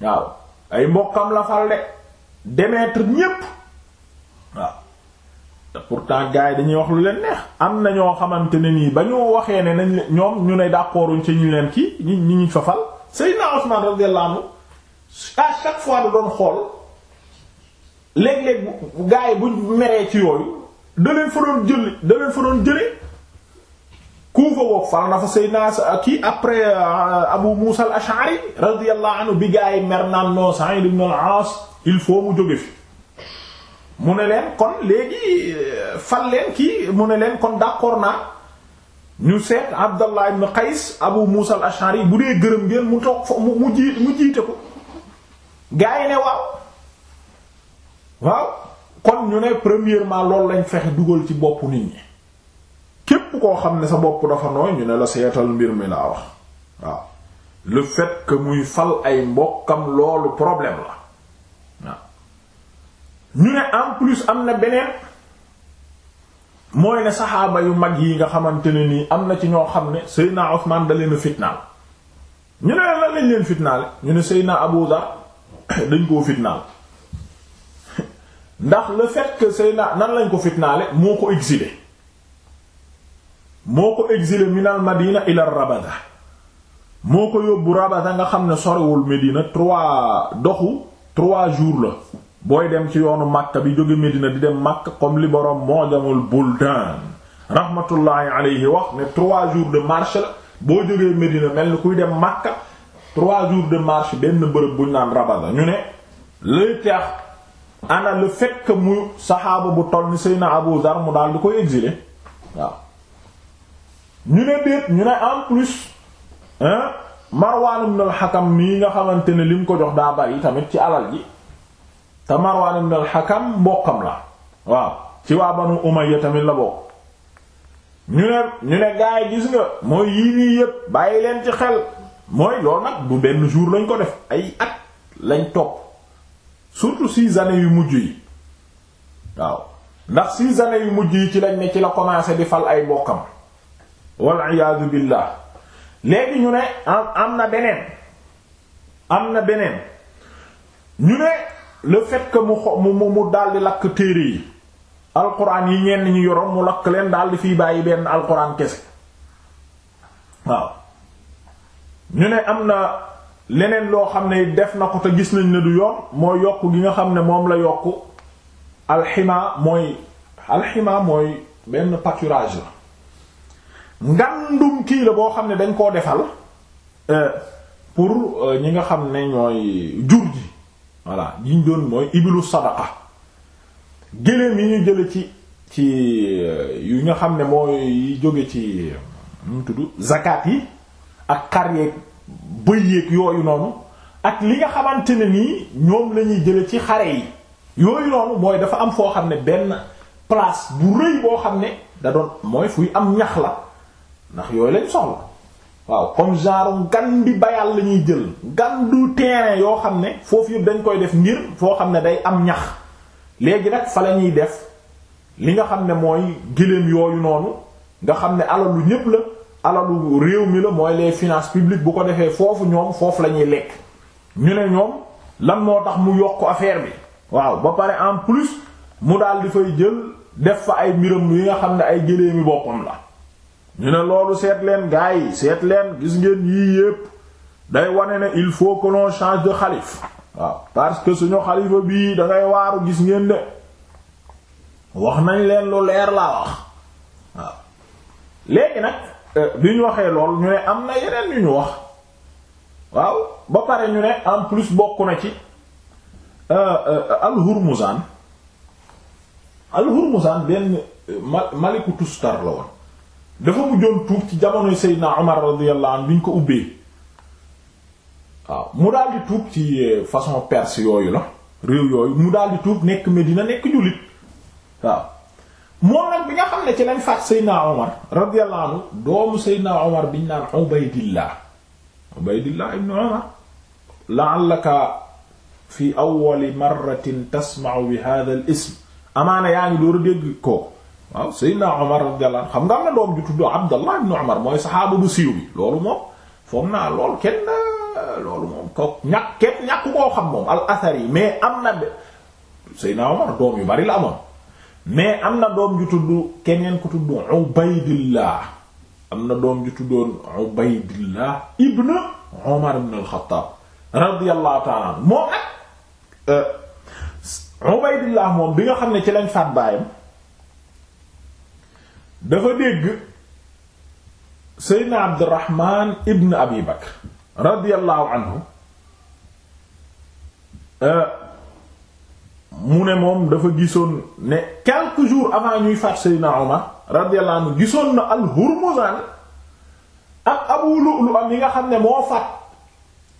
waaw ay mbokkam la fal de ñépp waaw te pourtant gars yi dañuy wax lu leen neex am na ñoo xamante ne nii ba ñu waxee ne nañ ñoom ñu ne d'accorduñ ci ñu leen kii ñu ñi ñu fa fal Seydina Usman radiyallahu anhu à chaque fois da doon xool léeg-léeg gars yi buñ meree ci yooyu da leen fa doon jëli da leen fa doon jëlee ku fa woog fal na fa Seydina kii après euh, Abu Musa al-Ash'ari radiyallahu anhu bi gars yi mer naan non Sa'id ibn al-As il faut mu jóge fi mu ne leen kon léegi euh, fal leen kii mu ne leen kon d'accord naa ñu seet Abdallah ibn Qays Abu Musa al-Ash'ari bu dee gërëm ngeen mu toog fo mu jiite mu jiite ko gaa yi ne waaw waaw kon ñu ne premièrement loolu lañ fexe dugal ci boppu nit ñi képp koo xam ne sa bopp dafa nooy ñu ne la seetal mbir mi laa wax waaw le fait que muy fal ay mbokkam loolu problème la ñu ne en plus am na beneen mooy ne saxaaba yu mag yi nga xamante ne nii am na ci ñoo xam ne Seydina Usmaan da leen a fitnaal ñu ne lan lañ leen fitnaale ñu ne Seydina Abu [COUGHS] dañ koo fitnaal ndax la fait que Seydina nan lañ ko fitnaale moo ko exilé moo ko exilé minal Madina ila Rabada moo ko yóbbu Rabada nga xam ne sorewul Medina trois doxu trois jours la booy dem ci yoonu Makka bi jóge Medina di dem Makka comme li borom Mu'jamul Buldaan rahmatullahi alayhi wax ne trois jours de marche boo jógee Medina mel ni kuy dem Makka trois jours de marche benn bërëb buñ naan Rabada ñu ne lay tax ana le fait mu saxaaba bu toll ni Seyna Abu Dar mu daal di koy exiler waaw ñu ne déet ñu ne en plus hein Marwan ibn al-Hakam mii nga xamante ne li mu ko jox daa bari tamit ci alal ji te Marwaan ibn hakam mbokkam la waaw ci waa Banu Umayya tamit la bokk ñu ne ñu ne gaay gis nga mooy yii yépp bàyyi leen ci xel mooy loolu nag du benn jour lañ ko def ay at lañ topp surtout six années yu mujj yi waaw ndax six années yu mujj yi ci lañ ne ci la commencé di fal ay mbokkam wal iyaadu billah léegi ñu ne am na beneen am na beneen ñu ne le fait mu xo mu mu daal di lakk téere yi alquran yi ñenn ñu yoroon mu lakk leen daal di fiy bàyyi benn alquran kese waaw ñu ne am na leneen loo xam ne def na ko te gis nañ ne du yoon moo yokk gi nga xam ne moom la yokk alxima mooy alxima mooy benn pâturage la ngandum kii la boo xam ne dañ koo defal euh, pour euh, ñi nga xam ne ñooy jur ji voilà yiñ doon mooy ibilu sadaqa géléem yi ñu jële ci ci euh, yu nga xam ne mooy jóge ci mu tudd zakat yi ak xar yeeg bëy yeeg yooyu noonu ak li nga xamante ne nii ñoom lañuy jële ci xare yi yooyu noonu mooy dafa am foo xam ne benn place bu rëy boo xam ne da doon mooy fuy am ñax la ndax yooyu lañ soxla waaw comme genre gan bi bayal la ñuy jël gan du terrain yoo xam ne foofu yëpp dañ koy def ngir foo xam ne day am ñax léegi nag fa la ñuy def li nga xam ne mooy gëléem yooyu noonu nga xam ne alalu ñépp la alalu réew mi la mooy les finances publiques bu ko defee foofu ñoom foofu la ñuy lekk ñu ne ñoom lan moo tax mu yokk affaire bi waaw ba pare en plus mu daal di fay jël def fa ay mbiram yi nga xam ne ay gëléemi boppam la ñu ne loolu seet leen gars yi seet leen gis ngeen yii yépp day wane na il faut que change de xalif waaw parce que suñu xalifa bii dangay waaru gis ngeen de wax nañ leen lu leer laa wax waaw léegi nag euh, bi ñu waxee lool ñu ne am na yeneen yu ñu wax waaw ba pare ñu ne en plus bokk na ci euh, euh, al-Hurmuzan al-Hurmuzan benn Maliku Tustar la woon dafa mujjoon tuub ci jamonoy Seydina Omar radiyallahu bi ñu ko ubbee waaw mu daal di tuub ci euh, façon perse yooyu la réew yooyu mu daal di tuub nekk Medina nekk jullit waaw moom nag bi nga xam ne ci lañ faat Seydina Omar radiyallahu doomu Seydina Omar biñ naan Ubaydillah Ubaydillah ibn Omar la'allaka fi awwali marratin tasma'u bi hadha al-ism amaana yaa ngi door dégg ko waaw Seydina Omar radiyallahu anhu xam nga am na doom ju tudd Abdallah ibn Omar mooy saxaaba bu siiw bi loolu moom foog naa lool kenn loolu moom ko ñàkk kenn ñàkk koo xam moom al yi mais am na Seydina Omar doom yu bari la amoon am na doom ju tudd keneen ku tudd Ubaydillah am na doom ju tuddoon Ubaydillah ibn Omar ibn al-Khattab radiyallahu moom ak euh, bi nga xam ne ci lañ faat baayam dafa dégg seydna abdirahman ibn abi radiallahu anhu euh, mu ne moom dafa gisoon ne quelques jour avant ñuy faat seydna omar radiallahu anhu gisoon na al hurmuzan ak abu lu'lu am yi nga xam ne moo faat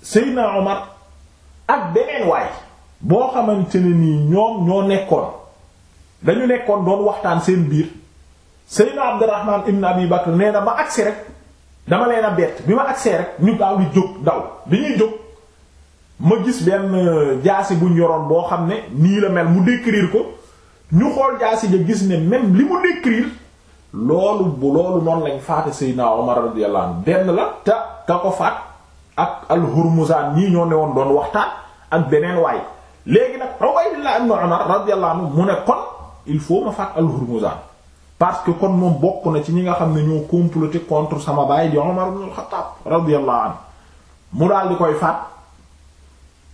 seydna omar ak beneen waay boo xamante ne nii ñoom ñoo nekkoon dañu nekkoon doon waxtaan seen biir Seydina Abdurrahman ibn Abi Bakr nee na ma agsi rek dama leen a bett bi ma agsee rek ñu daaw di jóg daw bi ñuy jóg ma gis benn euh, jaasi buñ yoroon boo xam ne nii la mel mu décrire ko ñu xool jaasi ja gis ne même li mu décrire loolu bu loolu noonu lañ faate Seydina Omar radiyallahu anhu benn la te ka ko faat ak al ñii ñoo ne woon doon waxtaan ak beneen waay léegi nag Ubaydullah ibn Umar radiyallahu anhu mu ne kon il faut ma faat al parce que kon moom bokk na ci ñi nga xam ne ñoo comploté contre sama baay di Omar ibn al-Khattab radiyallahu mu daal di koy faat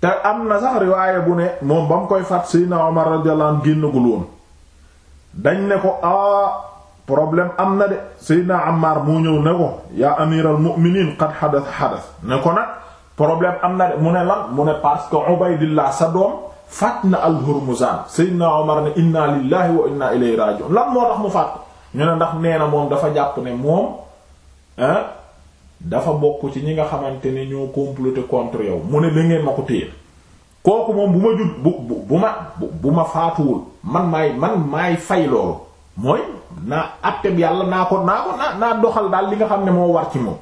te am na sax riwaaye bu ne moom ba mu koy faat Seydina Omar radiyallahu anhu génnagul woon dañ ne ko a ah, problème am na de Seydina Ammar moo ñëw ne ko yaa amiral mu'minin qad xadas xadas ne ko nag problème am na de mu ne lan mu ne parce que sa doom faat na al-Hurmuzan Seydina Omar ne inna lillahi wa inna ilayhi raji'un lan moo tax mu faat ko ñu ndax nee na moom dafa jàpp ne moom dafa bokk ci ñi nga xamante ne ñoo comploté contre yow mu ne la ngeen ma ko téye kooku moom bu ma jut bu bu ma bu ma faatuwul man maay man maay fay loolu mooy naa atteb yàlla naa ko naa ko naa naa doxal daal li nga xam ne moo war ci moom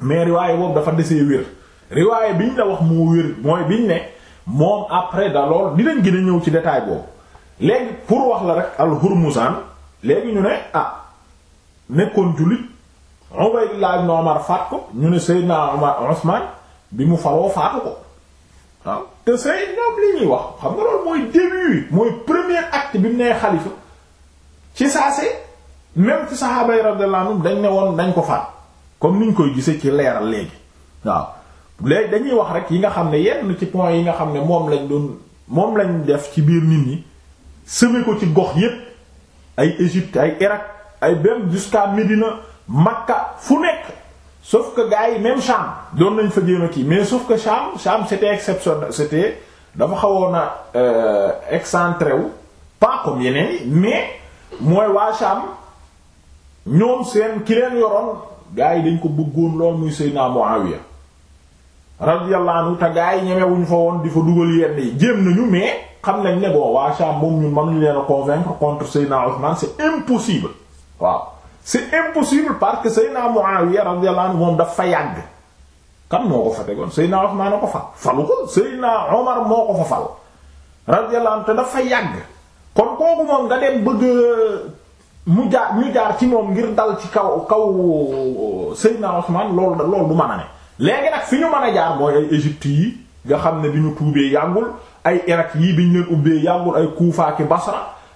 mais riwaaye boobu dafa desee wér riwaaye biñ la wax moo wér mooy biñ ne moom après da lool dinañ gën a ñëw ci détail boobu léegi pour wax la rek al-Hurmuzan léegi ñu ne ah nekkoon jullit Ubaydullah ibn Umar faat ko ñu ne Seydina Umar Usman bi mu faroo faatu ko waaw te say ñoom li ñuy wax xam nga loolu mooy début mooy premier acte bi mu nee xalifa ci saase même ci saxaaba yi dañ ne woon dañ ko faat comme niñ koy gisee ci leeral léegi waaw léegi dañuy wax rek yi nga xam ne yenn ci point yi nga xam ne moom lañ doon moom lañ def ci biir nit ñi sëme ko ci gox yépp ay Égypte ay Irak ay benn jusqu'à Médina Makka fu nekk sauf que gars yi même Cham doon nañ fa jéem a kii mais sauf que Cham Cham c'était exceptionnel c'était dafa xawoon na euh, excentré wu pas comme yeneen yi mais mooy waa Cham ñoom seen ki leen yoroon gars yi dañ ko bëggoon lool muy Seydina Muawiya radiyallahu anhu te gaa yi ñemewuñ di fa dugal yenn xam nañ ne bon waa Sham moom ñun mënuñu parce que Seydina Muawiya radiyallahu anhu moom dafa ko fa tegoon Seydina Ousmane a te dafa yàgg kon kooku moom nga dem bëgg euh, mu jaar ñu jaar ci moom ngir dal ci kaw kaw euh, Seydina Ousmane loolu loolu du a ne léegi nag fi ñu man a jaar mooy ay Égypte yi nga xam ne bi ñu tuubee yàggul ay Irak yii bi ñu leen ubbee yàggul ay Kuufa ki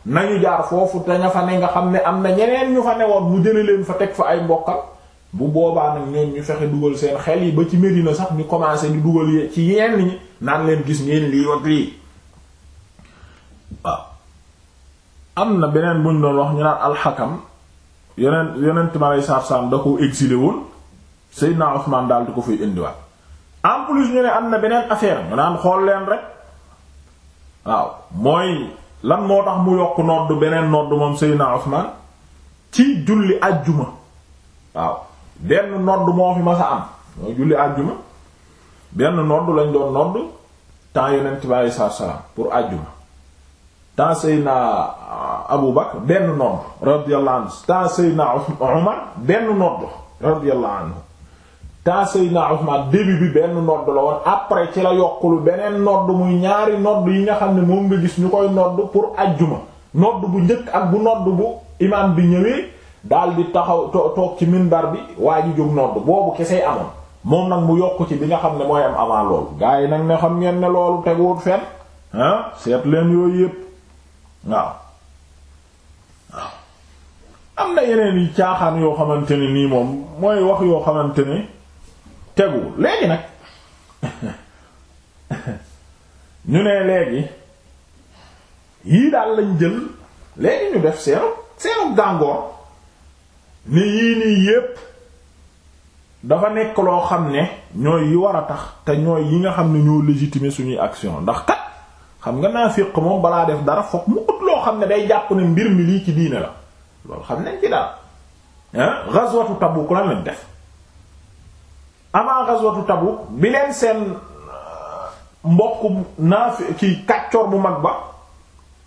na ñu jaar foofu daña fa ne nga xam ne am na ñeneen ñu fa newoon mu jële leen fa teg fa ay mbokkal bu boobaa nag ñu fexe dugal seen xel yi ba ci Medina sax ñu commencé di dugal ci yenn ñi naan leen gis ngeen lii wat lii am na beneen buñ doon wax ñu naan alxakam yeneen yeneen ma lay saar da ko exilé woon Seydina Usmaan daal di ko fay indiwaat am na beneen affaire ñu xool leen rek waaw mooy lan moo tax mu yokk nodd beneen nodd moom Seydina Usmaan ci julli àjjuma waaw benn nodd moo fi mas a am mooy julli àjjuma benn nodd lañ doon nodd temps yonent bi alei salaatu salaam pour àjjuma temps Seydina Abu Bakr benn nodd radiyallahu anhu temps Seydina Umar benn nodd radiyallahu anhu temps Seydina Ousmane début bi benn nodd la woon après ci la yokkulu beneen nodd muy ñaari nodd yi nga xam ne moom nga gis ñu koy nodd pour ajjuma nodd bu njëkk ak bu nodd bu imam bi ñëwee daal di taxaw toog ci minbar bi waa ji jóg nodd boobu kesey amoon moom nag mu yokk ci bi nga xam ne mooy am avant loolu gars yi nag ne xam ngeen ne loolu teguwut fen ah seet yooyu yépp waaw waaw am na yeneen yi caaxaan yoo xamante ne nii moom mooy wax yoo xamante ne tegu léegi nag ñu ne léegi yii daal lañ jël léegi ñu def seenu seenu gàngoor ni yii nii yépp dafa nekk loo xam ne ñooy yi war a tax te ñooy yi nga xam ne ñoo légitimer suñuy action ndax kat xam nga naa fiq moom balaa def dara fokk mu ut loo xam ne day jàpp ne mbir mi lii ci diine la loolu xam nañ ci daal ah ghazwatu Tabuk lan lañ def avant ghazwatu Tabuk bi leen seen euh, mbokk naafi ki kàccoor bu mag ba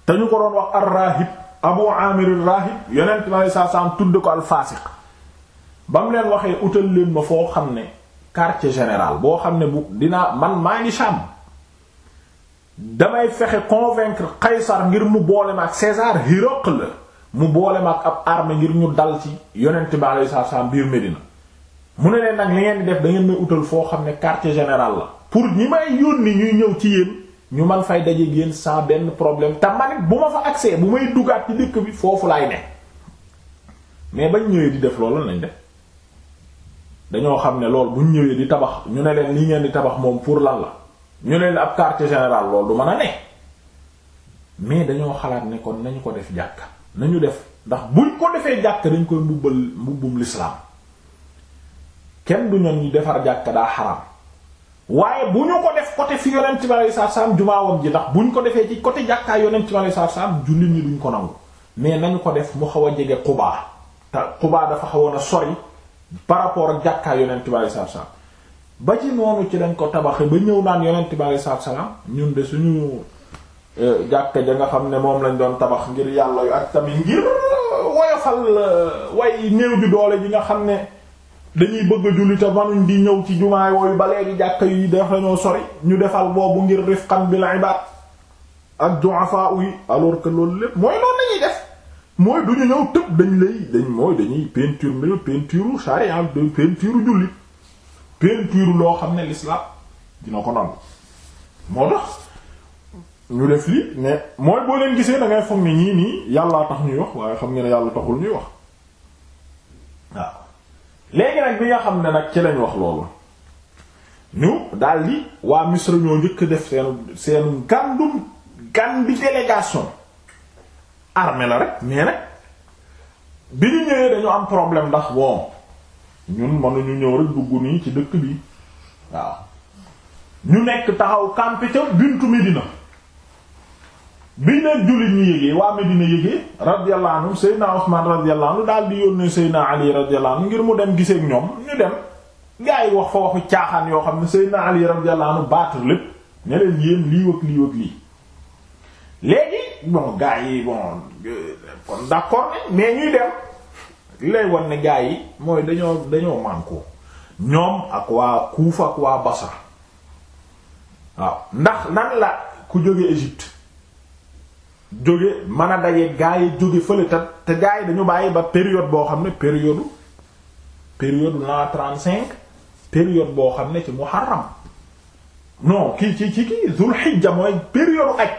te ñu ko doon wax ar-rahib Abu Amir ar-rahib yonent ma saa saam tudd ko al-fasiq ba mu leen waxee utal leen ma foo xam ne quartier général boo xam ne bu dina man maa ngi Sham damay fexe convaincre Qaysar ngir mu boole ma ak César Hiraql mu boole ma ak ab armée ngir ñu dal ci yonent bi alayhi salaam biir Medina mu ne leen nag li ngeen di def da ngeen may utal foo xam ne quartier général la pour ñi may yónni ñuy ñëw ci yéen ñu man fay daje génn sans benn problème te man bu ma fa accès bu may dugaat ci dëkk bi foofu laay ne mais bañ ñëwee di def loolu lañ def dañoo xam ne loolu buñ ñëwee di tabax ñu ne leen li ngeen di tabax moom pour lan la ñu ne leen ab quartier général loolu du mën a ne mais dañoo xalaat ne kon nañu ko def jàkk nañu def ndax buñ ko defee jàkk dañ koy mbubbal mbubbum l'islam kenn du ñoom ñi defar jàkka daa xaram waaye bu ñu ko def côté fi yonent bi alayhi salaatu salaam jumaawam ji ndax bu ñu ko defee ci côté jàkkaay yonent bi alayhi salaatu salaam jullit ñi duñ ko nangu mais nañu ko def mu xaw a jege Quba te Quba dafa xawoon a sori par rapport ak jàkkaay yonent bi alayhi salaatu salaam ba ci noonu ci dañ ko tabaxe ba ñëw naan yonent bi alayhi salaatu salaam ñun de suñu euh, jàkka ja nga xam ne moom lañ doon tabax ngir yàlla yu ak tamit ngir woyofal euh, way néew ju doole ji nga xam ne. dañuy bëgg a julli te manuñ di ñëw ci jumaa yooyu ba léegi jàkk yi def lañoo sori ñu defal boobu ngir rifqan bil ibad ak du'afa yi alors que loolu lépp mooy loolu lañuy def mooy du ñu ñëw tëb dañ lay dañ mooy dañuy peinture mbi peinture charia de peinture jullit peinture loo xam ne l'islam dina ko nangu moo tax ñu def lii mais mooy boo leen gisee da ngay foog ñii nii yàllaa tax ñuy wax waaye xam nga yàlla taxul ñuy wax waaw léegi nag bi nga xam ne nag ci lañ wax loolu ñu daldi waa Misra ñoo njëkk def seen seenu gàndum gan bi délégation la rek mais nag bi ñu ñëwee dañu am problème ndax bon ñun mënuñu ñëw rek dugg nii ci dëkk bi waaw ñu nekk taxaw campé ca buntu Medina biñ leen jullit ñi yëgee waa Medina yëgee radiyallahu anhu Seydina Usman radiyallahu daal di yónnee Seydina Ali radiyallahu ngir mu dem gisee ak ñoom ñu dem gaa yi wax fa waxu caaxaan yoo xam ne Seydina Ali radiyallahu anhu lépp ne leen yéen lii wëkk lii wëkk lii. léegi bon gaa yi bon kon d'accord mais ñuy dem li lay wan ne gaa yi mooy dañoo dañoo mànkoo ñoom ak waa Kuufa ak waa Basra waaw ndax nan la ku jóge Égypte. jóge mën a daje gaa yi jóge fële te te gaa yi dañu bàyyi ba période boo xam ne période période la trente-cinq période boo xam ne ci muharram non kii ci ci kii zul xijja mooy période aj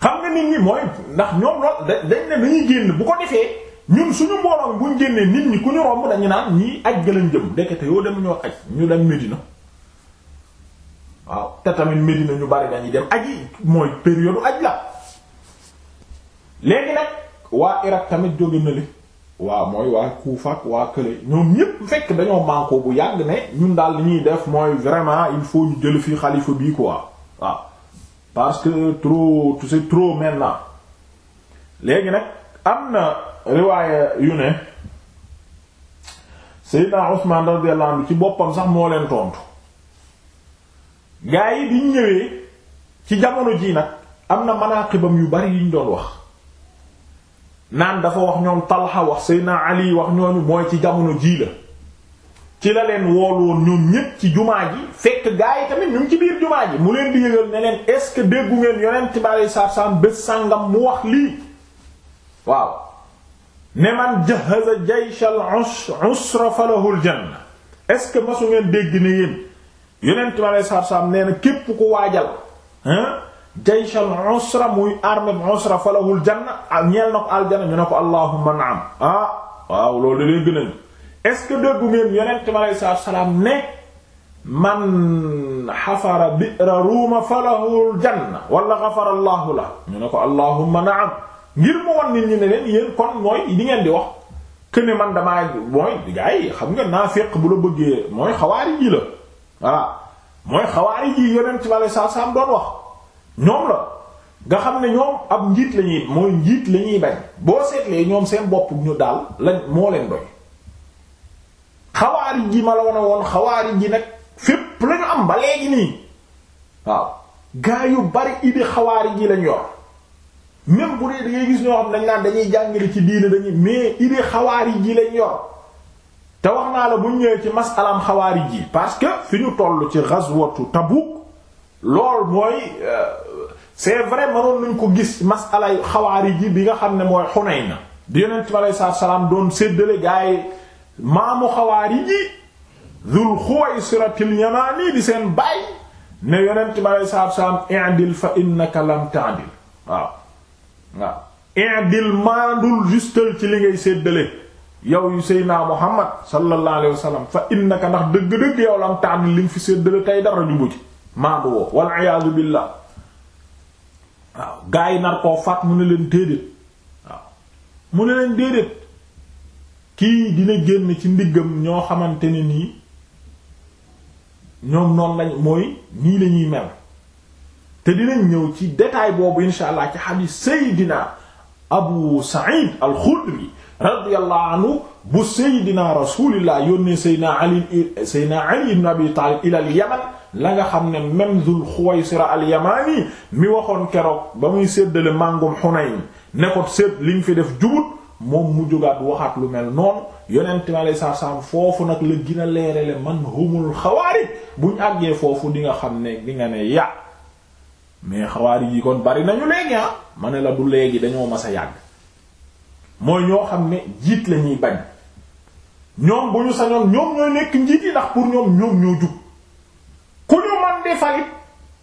xam nga nit ñi mooy ndax ñoom lool dañ ne dañuy génn bu ko defee ñun suñu mbooloo buñ génnee nit ñi ku ñu romb dañu naan ñii aj ga lañ jëm ndekete yoo dem ñoo aj ñu dem Medina waaw te tamit Medina ñu bari dañuy dem aji mooy période aj la léegi nag waa Irak tamit jóge na li waaw mooy waa Kufa ak waa Kële ñoom ñépp fekk dañoo manko bu yàgg ne ñun daal li ñuy def mooy vraiment il faut ñu jël fi xalifa bi quoi waaw parce que trop c'est trop maintenant léegi nag am na riwaaya yu ne Seydina Usman radiyallahu anhu ci boppam sax moo leen tontu. gaa yi biñ ñëwee ci jamono ji nag am na manaqibam yu bari yuñ doon wax naan dafa wax ñoom Talha wax Seydina Ali wax ñooñu mooy ci jamono ji la ci la leen wool woon ñoom ñëpp ci jumaa ji fekk gaa yi tamit ñu ci biir jumaa ji mu leen di yëgal ne leen est-ce que déggu ngeen yonent bi alei satu salaam bés sàngam mu wax lii waaw ne man jahaza jaysh al usra falahul janna est-ce que masu ngeen dégg ne yéen yonent bi alei satu salaam nee na képp ku waajal jayshal usra muy armée usra falahul janna ah, ñeel na ko aljanna ñu ne ko allahumma naam ah waaw loolu da leen gën añ est-ce que déggu ngeen yonent bi alei satu salaam ne man xafara bi'ra ruuma falahul janna wala xafara allaahu la ñu ne ko allahumma naam ngir mu won nit ñi ne leen yéen kon mooy di ngeen di wax que man dama mooy gars yi xam nga naafiq bu la bëggee mooy xawaari ji la voilà mooy xawaarij yi ci bale saa saam doon wax ñoom la nga xam ne ñoom ab njiit lañuy mooy njiit lañuy boo seetlee ñoom seen boppu ñu daal lañ moo leen doy xawaarij yi ma la wane woon xawaarij yi nag fépp lañu am ba léegi nii waaw gaa yu bari idée xawaarij yi lañ yor même bu dee da ngay gis ñoo xam dañ naan dañuy jàngale ci diine dañuy mais idée xawaarij yi lañ yor te wax naa la bu ñëwee ci masalaam xawaarij ji parce que fi ñu toll ci ghazwatu Tabuk lool mooy euh, c'est vrai mënoon nañ ko gis masalay xawaari ji bi nga xam ne mooy Hunayna di yonent bi aleyhi salaatu salaam doon séddale gaay maamu xawaarij yi Zul Xuwaysiratil Yamaani di seen baay ne yonent bi aleyhi salaatu salaam i'dil fa innaka lam ta'dil waaw waaw i'dil maandul justal ci li ngay séddale yow yu Seydina Muhammad sallallahu alayhi wa sallam fa innaka ndax dëgg-dëgg yow lam tànn li nga fi séddale tey dara jubu ci maandu woo wal iyaadu billah waaw gaa yi nar koo faat mu ne leen déedéet waaw mu ne leen déedéet kii dina génn ci ndiggam ñoo xamante ne nii ñoom noonu lañ mooy nii lañuy mel te dinañ ñëw ci détail boobu insha allah ci xadiis Seydina Abu Sa'id al radiyallahu anhu bu seydina rasulillah yónnee seydina ali seydina ali ibn abi taalib ila al yaman la nga xam ne même Zul Xuwaysira al yamani mi waxoon keroog ba muy séddale màngum Xunayn ne ko sédd li fi def jubut moom mu jógaat waxaat lu mel noonu yonent mi alayhi salaam foofu nag la gën leerale man humul xawaarij buñ àggee foofu di nga xam ne di nga ne ya mais xawaarij yi kon bari nañu léegi ah ma ne la du léegi dañoo mas a mooy ñoo xam ne jiit la ñuy bañ ñoom bu ñu sañoon ñoom ñooy nekk njiit yi ndax pour ñoom ñoom ñoo jub ku ñu man di falit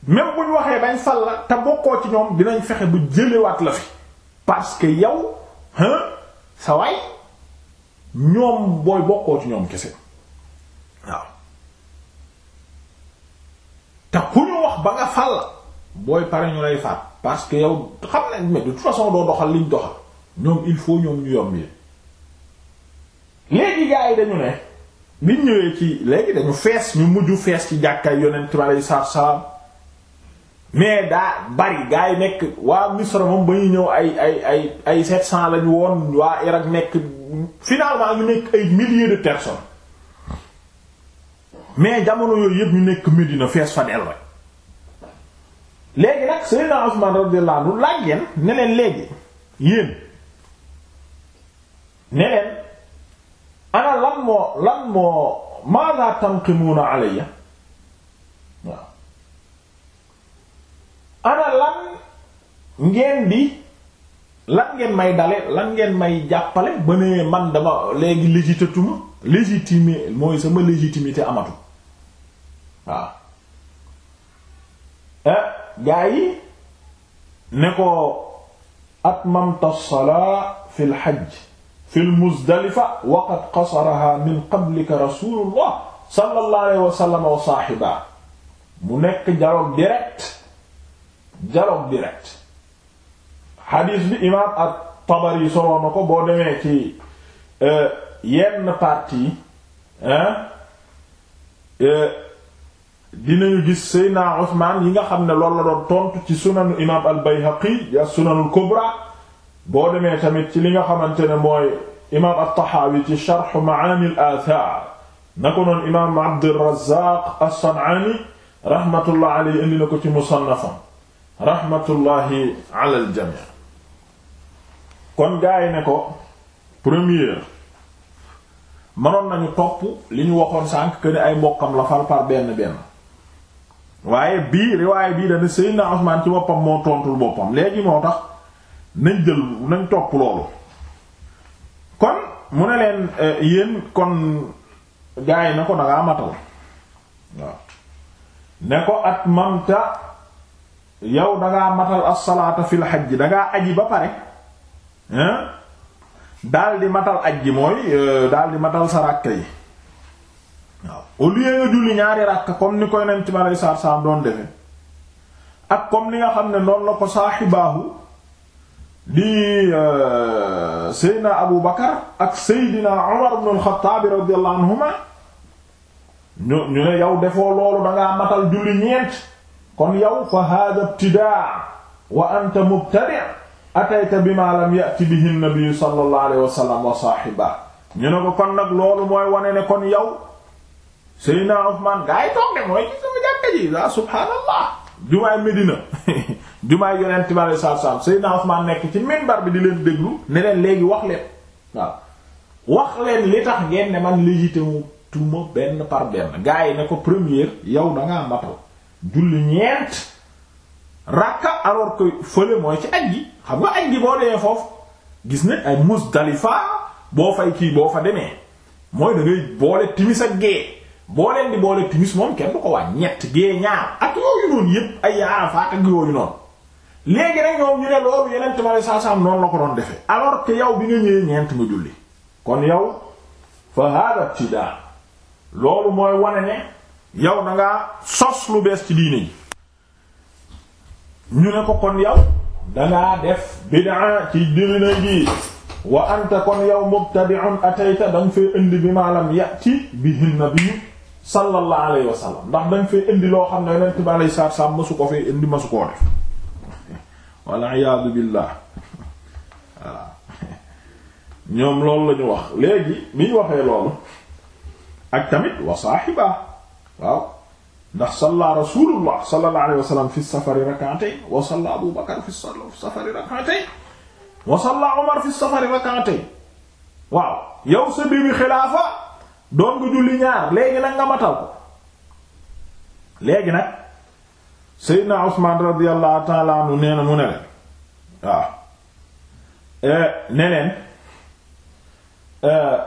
même bu ñu waxee bañ fal la te bokkoo ci ñoom dinañ fexe bu jëlewaat la fi parce que yow hein sa waay ñoom booy bokkoo ci ñoom kese waaw te ku ñu wax ba nga fal la booy pare ñu lay faat parce que yow xam nañ mais de toute façon doo doxal liñ doxal ñoom il faut ñoom ñu yomb yi léegi gaa yi dañu ne biñ ñëwee ci léegi dañu fees ñu mujj fees ci jàkkaay yonent ma lay mais daa bari gaa yi nekk waa Misra moom ba ñu ñëw ay ay ay ay sept cent lañu woon waa Irak nekk finalement ñu nekk ay milliers de personnes mais jamono yooyu yëpp ñu nekk Medina fees fa del rek léegi nag Seydina Usman radiyallahu laaj leen ne léegi yéen ne leen ana lan moo lan moo maada tanqimuuna alayya waaw ana lan ngeen di lan ngeen may dale lan ngeen may jàppale ba ne man dama léegi légitatuma légitimé mooy sama légitimité amatu waaw eh, gaa yi ne ko atmamta salaa fil hajj fi Muzdalifa wa qad qasaraha min qablika rasulullah sallallahu wa sallam wa saahiba mu nekk dialogue direct dialogue direct xadiis bi imaam at-Tabari soloo na ko boo demee ci euh, yenn partie euh, dinañu gis Seydina Usmaan yi nga xam ne loolu la doon tontu ci sunanu imaam al-Bayhaqi ya sunanul kubra boo demee tamit ci li nga xamante ne mooy imaam at ci sharh Ma'ani al-Athar na ko noon imaam Abdurrazzaq as-San'ani rahmatullah alayhi indi na ko ci musannafam rahmatullahi ala al-jami' kon gaay ne ko première manoon nañu topp li ñu waxoon sànq que ay mbokkam la far par benn benn waaye bii riwaay bii dana Seydina Usmaan ci boppam moo tontul boppam léegi moo tax nañ jël nañ topp loolu kon mu ne leen eh, yéen kon gaa yi na ko dangaa matal waaw ne ko at mamta yow dangaa matal as-salaata fil xaj dangaa aji ba pare hein daal di matal ji mooy eh, daal di matal sa ràkka yi waaw au lieu nga julli ñaari ràkka comme ni koy nen ci ma lay saar saam doon defe ak comme li nga xam ne noonu la ko saaxibaahu di euh, Seydina Abu Bakar ak Seydina Umar ibn al-Khattab radiyallahu anhuma ñu ñu ne yow defoo loolu dangaa matal julli ñeent kon yow fa hada ibtidaa wa anta mubtadi' atayta bima lam ya'ti bihi an-nabi sallallahu alayhi wa sallam wa saahiba ñu ne ko kon nag loolu mooy wane ne kon yow Seydina Usmaan gaa yi toog ne mooy ci sama jàkka ji subhaanallah jumaay Medina [LAUGHS] jumaay yonent bi alei satu salam Seydina Usmaan nekk ci minbar bi di leen déglu ne leen léegi wax leen waaw wax leen li tax ngeen ne man légitime tuma benn par benn gars yi ne ko première yow dangaa matal julli ñeent rakka alors que fële mooy ci aj gi xam nga aj gi boo demee foofu gis ne ay Muzdalifa boo fay kii boo fa demee mooy da ngay boole timis ak gée boo leen di boole timis moom kenn du ko wàññi ñett gée ñaar ak yooyu noonu yépp ay Arafat léegi rek ñoom ñu ne loolu yeneen tamit saa saa noonu la ko doon defee alors que yow bi nga ñëwee ñeent nga julli kon yow fa hada ci daal loolu mooy wane ne yow da ngaa sos lu bees ci diine ji ñu ne ko kon yow da ngaa def bid'a ci diine ji wa anta kon yow mubtadi'un atayta da nga fee indi bi maalam ya'ti bihi nabi sallallahu alayhi wa sallam ndax da nga fee indi loo xam ne yonent bi saa salaam mësu ko fee indi mësu koo def. walla iyaadu billaah voilà ñoom loolu lañu wax léegi bi ñu waxee loolu ak tamit wa saaxiba waaw ndax salla rasulullah sallallahu alayhi wa sallam fi safari rak'atayn wa salla abu bakar fi safari safari rak'atayn waaw yow sa bibi xilaafa doon nga julli ñaar léegi nag nga matal ko léegi nag seydna Usmaan radiyallahu ta'ala anhu nee mu ne leen waaw eh, ne leen eh,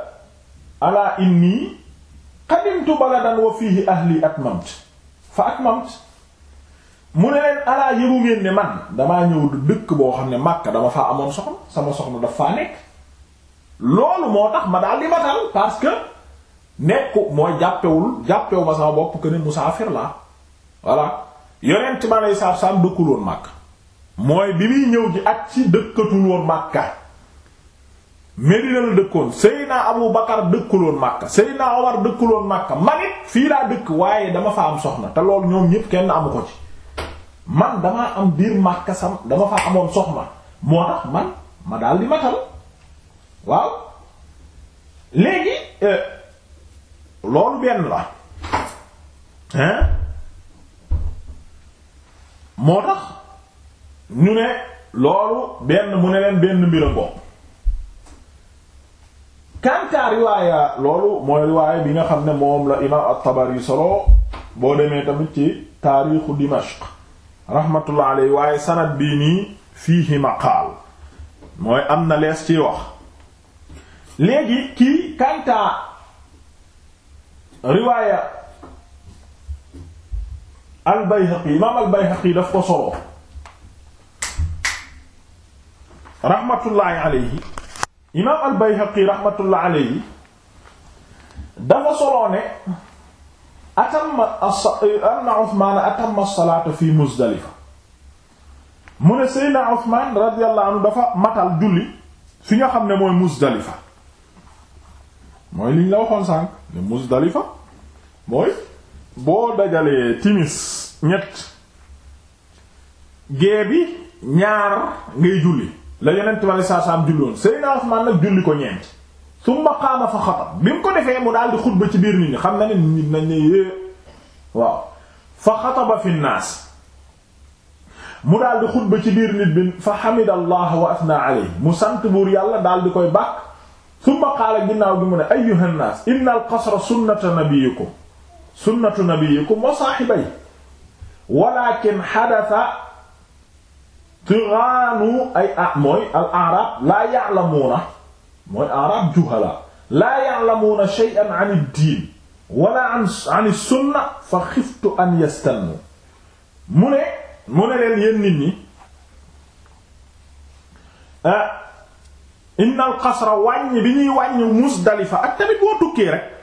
inni qadimtu baladan wa fihi ahli atmamt fa atmamt mu ne leen alaa yëgu ne man damaa ñëw du dëkk boo xam ne Makka dama faa amoon soxna sama soxna daf nekk loolu moo tax ma daal di matal parce nekku mooy jàppewul jàppewu sama bopp que ne musaafir la voilà yonent ma lay saab saab dëkkul woon mooy bi muy ñëw ji ak ci dëkkatul woon Makka Medina la dëkkoon Seydina Abu Bakar dëkkul woon Makka Seydina Omar dëkkul woon Makka man fii laa dëkk waaye dama fa am soxna te lool ñoom ñépp kenn amu ko ci man damaa am biir Makka sam dama fa amoon soxna moo tax man ma daal di matal waaw léegi euh, loolu benn la hein moo tax ñu ne loolu benn mu ne leen benn mbir a ngoom riwaaya loolu mooy riwaaya bi nga xam ne moom la imaam at-Tabari solo boo demee tamit ci taarixu Dimashq rahmatullah alayhi waaye sanad bii nii fiihi maqaal mooy am na lees ciy wax léegi kii kantaa riwaaya al Bayhaqi imaam al Bayhaqi daf ko soloo rahmatullahi alayhi imaam al Bayhaqi rahmatullahi alayhi dafa soloo ne atamma eh, anna Usmaan atamma as-salaata fi Muzdalifa mu ne Seydina Usmaan radiyallahu anhu dafa matal julli fi nga xam ne mooy Muzdalifa mooy liñ la waxoon sànq ne Muzdalifa mooy boo dajalee timis ñett gée bi ñaar ngay julli la yonent ma ne saa saam julloon Seydina Usmaan nag julli ko ñeent summa a fa xatab bi mu ko defee mu daal di xutba ci biir nit ñi xam na ne nit nañ ne waaw fa ci biir nit bi fa xamida allah wa asna alayhi mu sant buur yàlla daal di koy bàkk summa qaala ginnaaw gi mu ne ayyuha nnaas inna al qasra sunnata nabiyikum sunnatu nabiyikum wa saaxiba yi walakin xadata tiraanu ay a mooy al arab laa ya'lamuuna mooy arab juhala laa ya'lamuuna shay'an an ad-diin wala an an sunna fa xiftu an yastannu mu ne mu ne leen yéen nit ñi eh, inna al qasra wàññi bi ñuy wàññi musdalifa ak tamit boo tukkee rek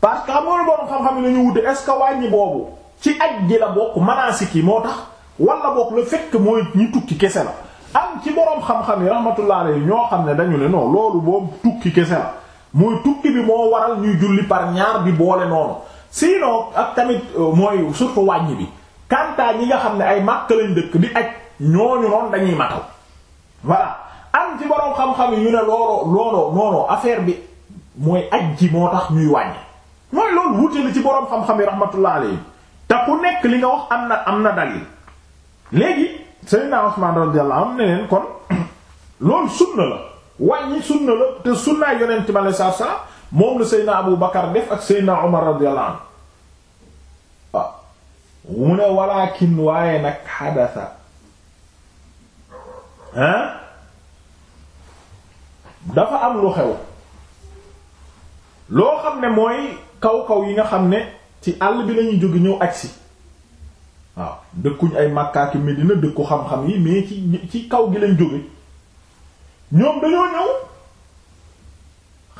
parce que amoon borom xam-xam ne nañu wute est wàññi boobu ci aj gi la bokk manaasik yi moo tax wala bokk le fait mooy ñu tukki kese la am ci borom xam-xam yi rahmatullah ñoo xam ne dañu ne non loolu boobu tukki kese la mooy tukki bi moo waral ñuy julli par ñaar bi boole noonu sinon ak tamit euh, mooy surtout wàññi bi kantaa ñi nga xam ne ay màkk lañ dëkk di aj ñooñu noonu dañuy matal waa am ci borom xam-xam yi ñu ne looloo looloo noonu affaire bi mooy aj ji moo tax ñuy wàññi mooy loolu wute la ci boroom xam-xam yi rahmatullah alayhi te ku nekk li nga wax am na am na dalil léegi sayyidina Usman radiyallahu anhu ne leen kon [COUGHS] loolu sunna la wàññi sunna la te sunna yonent bi alayhi salaatu salaam moom la sayyidina Abu Bakar def ak sayyidina Umar radiyallahu anhu waaw ah, mu ne walaakin waaye nag xadasa ah dafa am lu xew loo xam ne mooy kaw kaw yi nga xam ne ci àll bi lañuy jóge ñëw agsi waaw dëkkuñ ay màkkaaki Medina dëkku xam-xam yi mais ci ci kaw gi lañ jóge ñoom dañoo ñëw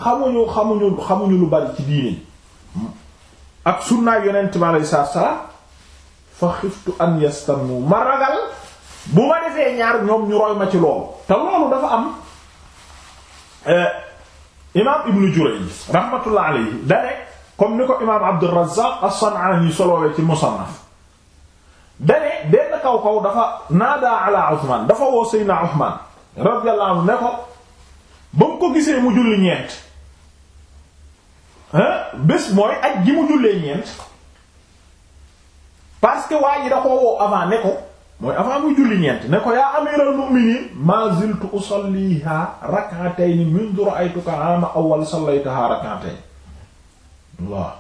xamuñu xamuñu xamuñu lu bari ci diine ak sunnaay yonent bi alayhi salaam fa xiftu an yastannu ma ragal bu ma defee ñaar ñoom ñu roy ma ci loolu te loolu dafa am eh, imaam ibnu Jurayj rahmatullah alayhi dane comme ni ko imaam Abdurrazzaq as-San'aani solowee ci Musannaf dane benn kaw kaw dafa naadaa ala Usmaan dafa woo Seydina Usmaan radiyallahu anhu ne ko ba mu ko gisee mu julli ñeent bés mooy ak gi mu jullee ñeent parce que waa ji da ko woo avant ne ko mooy avant muy julli ñeent ne ko yaa amiral mu'miniin maa ziltu usalliha rak'atayn mundu ra'aytuka ama awwal sallaytaha rak'atayn waaw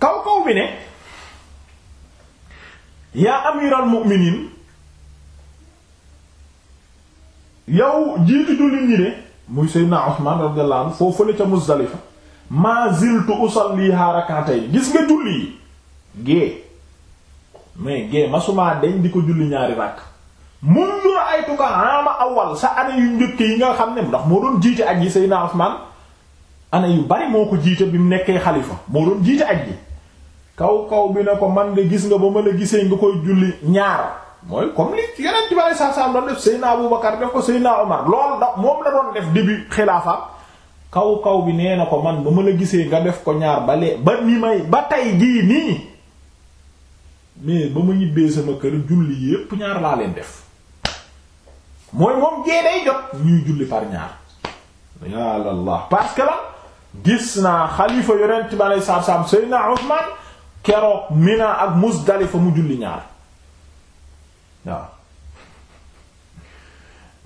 kaw kaw bi ne yaa amiral mu'minin yow jiitu jullit ñi de muy Seydina Usmaan radiyallahu anhu foo fële ca Muzdalifa maa ziltu usalliha rak'atayn gis nga julli yi gée mais gée masumaa deñ di ko julli ñaari ràkk ay ra'aytuka ama awal sa année yu njëkk yi nga xam ne ndax moo doon jiite aj yi naa Usmaan année yu bari moo ko jiite bi mu nekkee xalifa moo doon jiite aj yi kaw kaw bi ne ko man de gis nga ba ma la gisee nga koy julli ñaar mooy comme li yeneen ci bari sax sax doon def Seydina Abubakar def ko Seydina Omar loolu da la doon def début xilaafa kaw kaw bi nee na ko man ba ma la gisee nga def ko ñaar ba lee ba ni may ba tey gii nii mais ba ma ñibbee sama kër julli yépp ñaar laa leen def mooy moom gée day jot ñuy julli par ñaar yàlla allah parce que la gis naa xalifa yonent bi alei saatu salaam Seydina Usmaan keroog Mina ak Muzdalifa mu julli ñaar waaw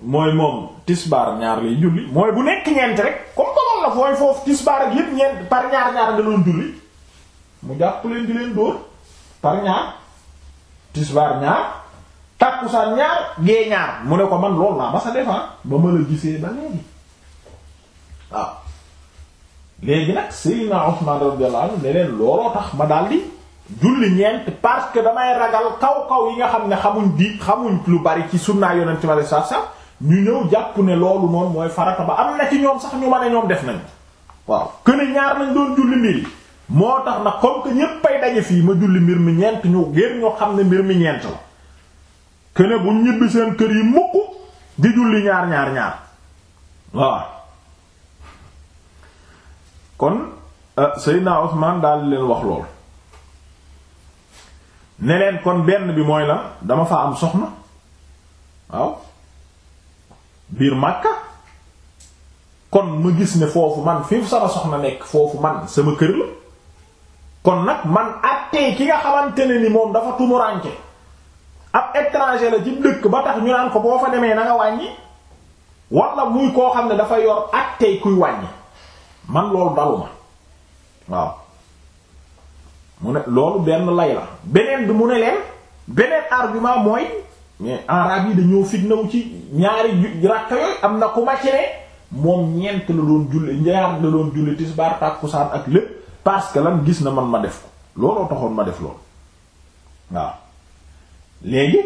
mooy moom tisbaar ñaar lay julli mooy bu nekk ñeent rek comme que la fooy foofu tisbaar ak yépp ñeent par ñaar ñaar nga doon julli mu jàpp leen di leen dóor par ñaar tisbaar ñaar tàkkusaan ñaar gee ñaar mu ne ko man loolu laa ba sa defar ah. ba ma la gisee ba léegi waaw léegi nag Seydina Usman radiyallahu anhu ne leen looloo tax ma daldi julli ñeent parce que damay ragal kaw kaw yi nga xam ne xamuñ di xamuñ lu bari ci sunnaa yonent ma sax sax ñu ñëw jàpp ne loolu noonu mooy farata ba am na ci ñoom sax ñu ma ne ñoom def nañ waaw këne ñaar nañ doon julli mbir moo tax nag comme que ñépp daje fii ma julli mbir mi ñeent ñu gën ñoo xam ne mbir mi ñeent këne bu ñibbi seen kër yi mukk di julli ñaar ñaar ñaar waaw kon euh, Seydina Usmaan daal di leen wax lool ne kon benn bi mooy la dama fa am soxna waaw biir Makka kon ma gis ne foofu man fi sama soxna nekk foofu man sama kër la kon nag man àttee ki nga xamante ne ni moom dafa tumuraanke ab étranger la ci dëkk ba tax ñu naan ko boo fa demee na nga wàññi walla muy koo xam ne dafa yor ak tey kuy wàññi man loolu daluma waaw mu ne loolu benn lay la beneen bi mu ne leen beneen argument mooy mais araab yi dañoo mu ci ñaari rakka yooyu am na ku ma ci ne moom ñeent la doon julli ñaar la doon julli tisbaar tàkkusaan ak lépp parce que lan gis na man ma def ko looloo taxoon ma def loolu waaw léegi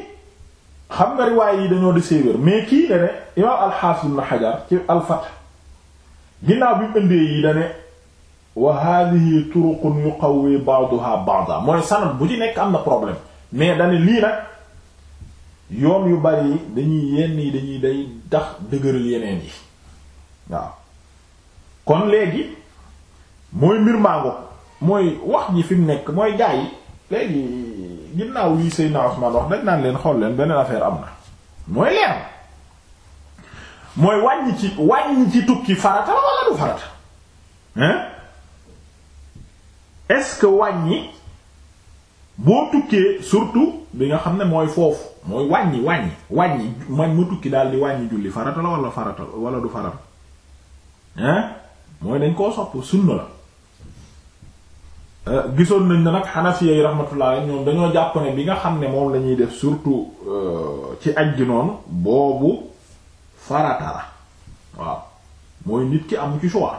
xam nga riwaay yi dañoo di séewéer mais kii dane imaam alxaafis ibn xajar ci alfat ginnaaw bi mu ëndee yi dane wa hadhihi turuqun yuqawwi ba'daha ba'da mooy sanad bu ci nekk am na problème mais dane lii nag yoon yu bari yi dañuy yenn yi dañuy day tax dëgëral yeneen yi waaw kon léegi mooy mbir maango mooy wax ji fi mu nekk mooy gaa yi léegi ginnaaw lii Seydina Usmaan wax dañ naan leen xool leen beneen affaire am na mooy leer mooy wàññi ci wàññi ci tukki farata la wala du farata hein est-ce que wàññi boo tukkee surtout bi nga xam ne mooy foofu mooy wàññi wàññi wàññi man ma tukki daal di wàññi julli farata la wala wala du farata hein mooy dañ koo sopp sunna la Euh, gisoon nañ ne nag xanafiya yi rahmatullah ñoom dañoo jàpp ne bi nga xam ne moom la ñuy def surtout euh, ci aj gi noonu boobu farata waaw mooy nit ki am ci choix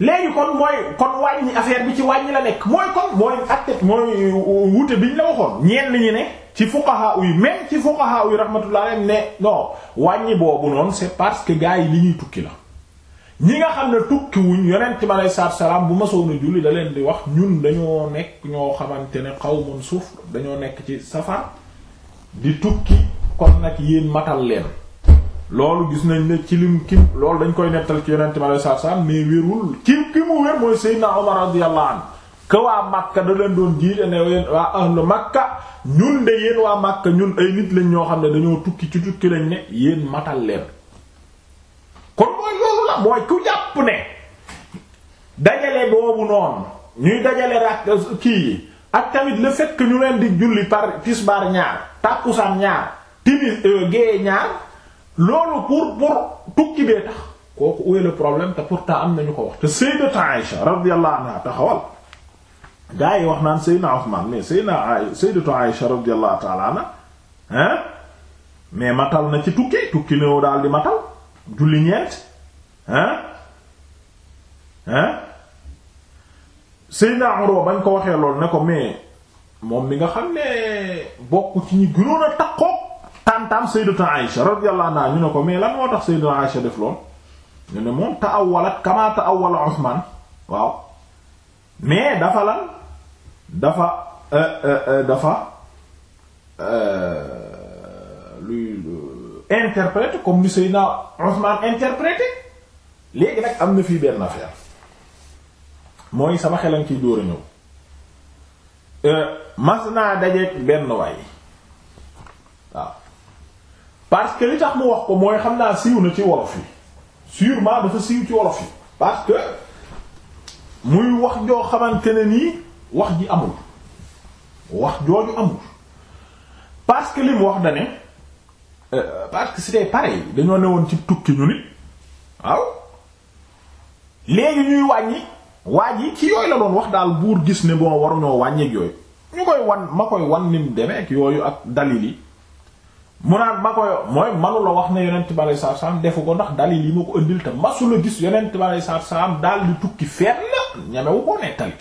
léegi kon mooy kon wàññi affaire bi ci wàññi la nekk mooy kon mooy atte mooy wuute biñ la waxoon ñenn ñi ne ci fuqaha yi même ci fuqaha yi rahmatullah ne non wàññi boobu noonu c'est parce que gars yi li ñuy tukki la ñi nga xam ne tukkiwuñ yonent bi aleyhi salaatu wa salaam bu masoon a julli da leen di wax ñun dañoo nekk ñoo xamante ne xaw qawmun suuf dañoo nekk ci safar di tukki kon nag yéen matal leen loolu gis nañ ne ci lim kim loolu dañ koy nettal ci yonent bi aleyhi salaatu salaam mais wérul kim ki mu wér mooy Seydina Omar radiyallahu anhu que waa Makka da leen doon jiite ne yéen waa ahlu Makka ñun de yéen waa Makka ñun ay nit lañ ñoo xam ne dañoo tukki ci tukki lañ yéen matal leen. kon mooy loolu la mooy ku jàpp ne dajale boobu noonu ñuy dajale rak kii yi ak tamit la fekk que ñu leen di julli par tisbaar ñaar tàkkusaan ñaar timis euh, géeye ñaar loolu pour pour tukki bee tax kooku où est problème te pourtant am nañu ko wax te sayyidatu Aïsha radiyallahu taxawal gaa yi wax naan sayyidna Uthman mais sayyidna sayyidatu Aïsha radiyallahu ta'ala anha hein mais matal na ci tukki tukki néew daal di matal julli ñeent hein hein Seydina Urwa bañ ko waxee loolu ne ko mais moom mi nga xam ne bokk ci ñi gënoon a takkook tàntaam Sayyidatu Aïsha radiyallahu anha ñu ne ko mais lan moo tax Sayyidatu Aïsha def lool ñu ne moom ta'awwalat kama ta'awwala Usman waaw mais dafa lan dafa euh, euh, euh, dafa luy interpréter comme ni naa Ousmane interpréter léegi nag am na fii benn affaire mooy sama xelam ciy dóor a ñëw euh, mas naa dajeeg benn waay waaw parce que li tax mu wax ko mooy xam naa siiw na ci wolof yi sûrement dafa siiw ci wolof yi parce que muy wax joo xamante ne nii wax ji amul wax jooju amul parce que li mu wax da Euh, parce que c'était pareil dañoo newoon ci tukki ñu nit waaw léegi ñuy wàññi waaj yi ci yooyu la doon wax daal buur gis ne bon waruñoo wàññeeg yooyu ñu koy wan ma koy wan ni mu demee ak yooyu ak dalil yi mu naan ma koy mooy manu wax ne yonent bi aleyhi salaatu defu ko ndax dalil yi ma ko ëndil te masula gis yonent bi aleyhi salaatu salaam daal di tukki feet la ñamewu koo nettali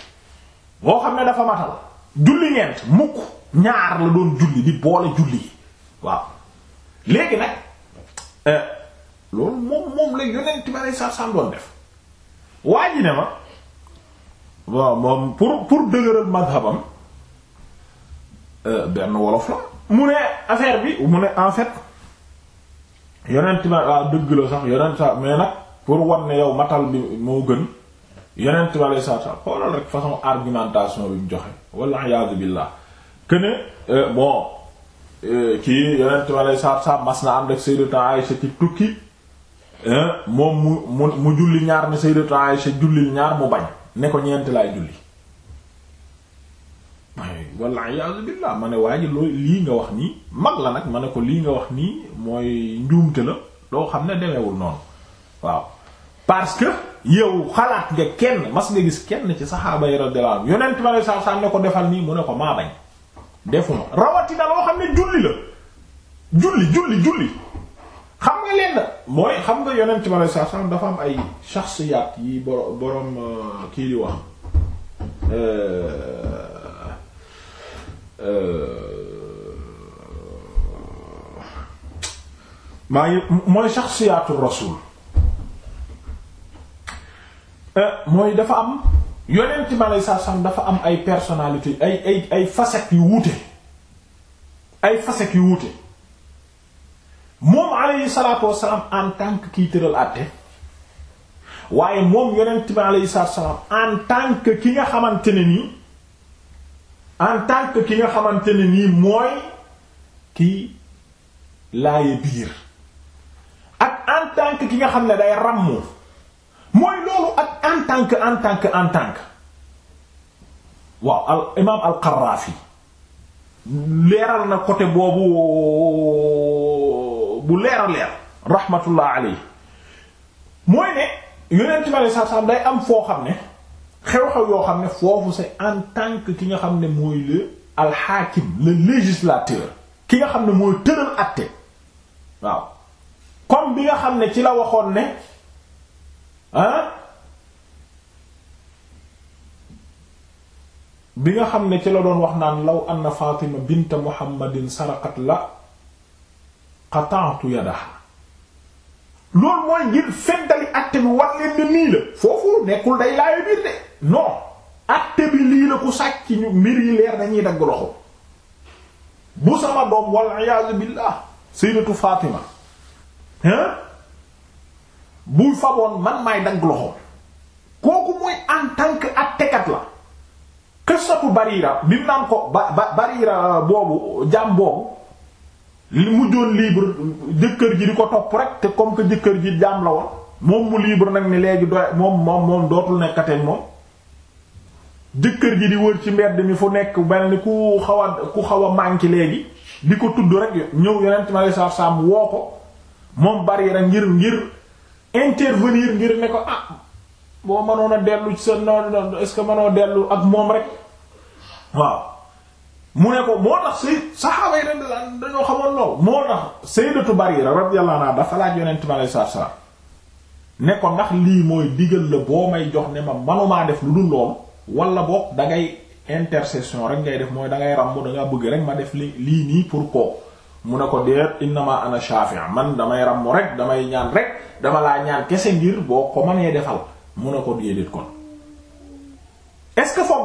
boo xam ne dafa matal julli ñeent mukk ñaar la doon julli di boole julli yi waaw léegi nag euh, loolu moom moom la yonent bi aleyhi salaam doon def waa ne ma waaw moom pour pour dëgëral madhabam euh, benn wolof la mu ne affaire bi mu ne en fait yonent bi waaw ah, dëgg la sax yonent sa mais nag pour wan ne matal bi moo gën yonent bi aleyhi salaam xoolal rek façon argumentation bi mu joxe walla iyaadu billah que ne euh, bon. Euh, kii yonent bi aleyhi salaatu salaam mas na ànd ak sayyidatu Aïsha ci tukki moom mu mu mu julli ñaar ne sayyidatu Aïsha jullil ñaar mu bañ ne ko ñeenti laay julli walla iyaazu billaah ma ne waa ji loolu lii nga wax nii mag la nag ma ne ko lii nga wax nii mooy njuumte la loo xam ne demewul noonu waaw parce que yow xalaat nga kenn mas nga gis kenn ci saxaaba yi radiyallaahu anhum yonent bi aleyhi salaatu salaam ne ko defal nii mu ne ko maa bañ defuma rawatina loo xam ne julli la julli julli julli xam nga leen mooy xam nga yonent ma lay saa sax dafa am ay shaxsiyaat yi borom borom euh, kii di wax euh, euh, maa ngi mooy shaxsiyaatu rasul mooy dafa am. yonent mi aleyhi salaatu salaam dafa am ay personnalité ay ay ay facettes yu wuute ay facettes yu wuute moom aleyhi salaatu wassalaam en tant que kiy tëral waaye moom yonent mi aleyhi salaatu salaam en tant ki nga xamante ne nii en tant que ki nga xamante ne nii mooy kii laaye biir ak en tant ki nga xam ne day ràmmu mooy loolu ak en tant que en tant en tant que waaw al imaam al Qaraafi leeral na côté boobu bu leer a leer rahmatullah alayhi mooy ne yonent bi saa saa day am foo xam ne xew-xew yoo xam ne foofu c'est en tant ki nga xam ne mooy le alxaakim le législateur ki nga xam ne mooy tëral àtte waaw comme bi nga xam ne ci la waxoon ne. bi nga xam ne ci la doon wax naan law anna Fatima bint Muhammadin saraqat la qata'tu yadaha loolu mooy ngir feddali acte bi war leen ne nii la foofu nekkul day laayo biir de non acte bi lii la ku sàcc mbir yi leer dañuy dagg loxo bu sama doom wal iyaazu billah sayyidatu Fatima hein bu faboon man maay dagg loxo kooku mooy en tant que la qissatu Barira bi mu naan ko ba ba Barira boobu jaam boobu li mujjoon libre jëkkër ji di ko topp rek te comme que jëkkër ji jaam la woon moom mu libre nag ni léegi doy moom moom moom dootul nekkateeg moom jëkkër ji di wër ci mbedd mi fu nekk mel ni ku xaw a ku xaw a léegi di ko tudd rek ñëw yonent ma lay saaf saam woo ko moom Barira ngir ngir. intervenir ngir ne ko ah boo mënoon a dellu ci sa noonu est-ce que mënoo dellu ak moom rek waaw mu ne ko moo tax say saxaaba yi dañoo xamoon lool moo tax sayyidatu Barira radiyallahu anha dafa laaj yonent mi alayhi salaatu ne ko ndax lii mooy digal la boo may jox ne ma manumaa def lu dul loolu wala boog da ngay intercession rek ngay def mooy da ngay ràmm da bëgg rek ma def li lii nii pour koo mu ne ko deet innama ana shafi' man damay rammu rek damay ñaan rek dama laa ñaan kese ngir boo ko ma mënee defal mu ne ko déedéet kon est-ce que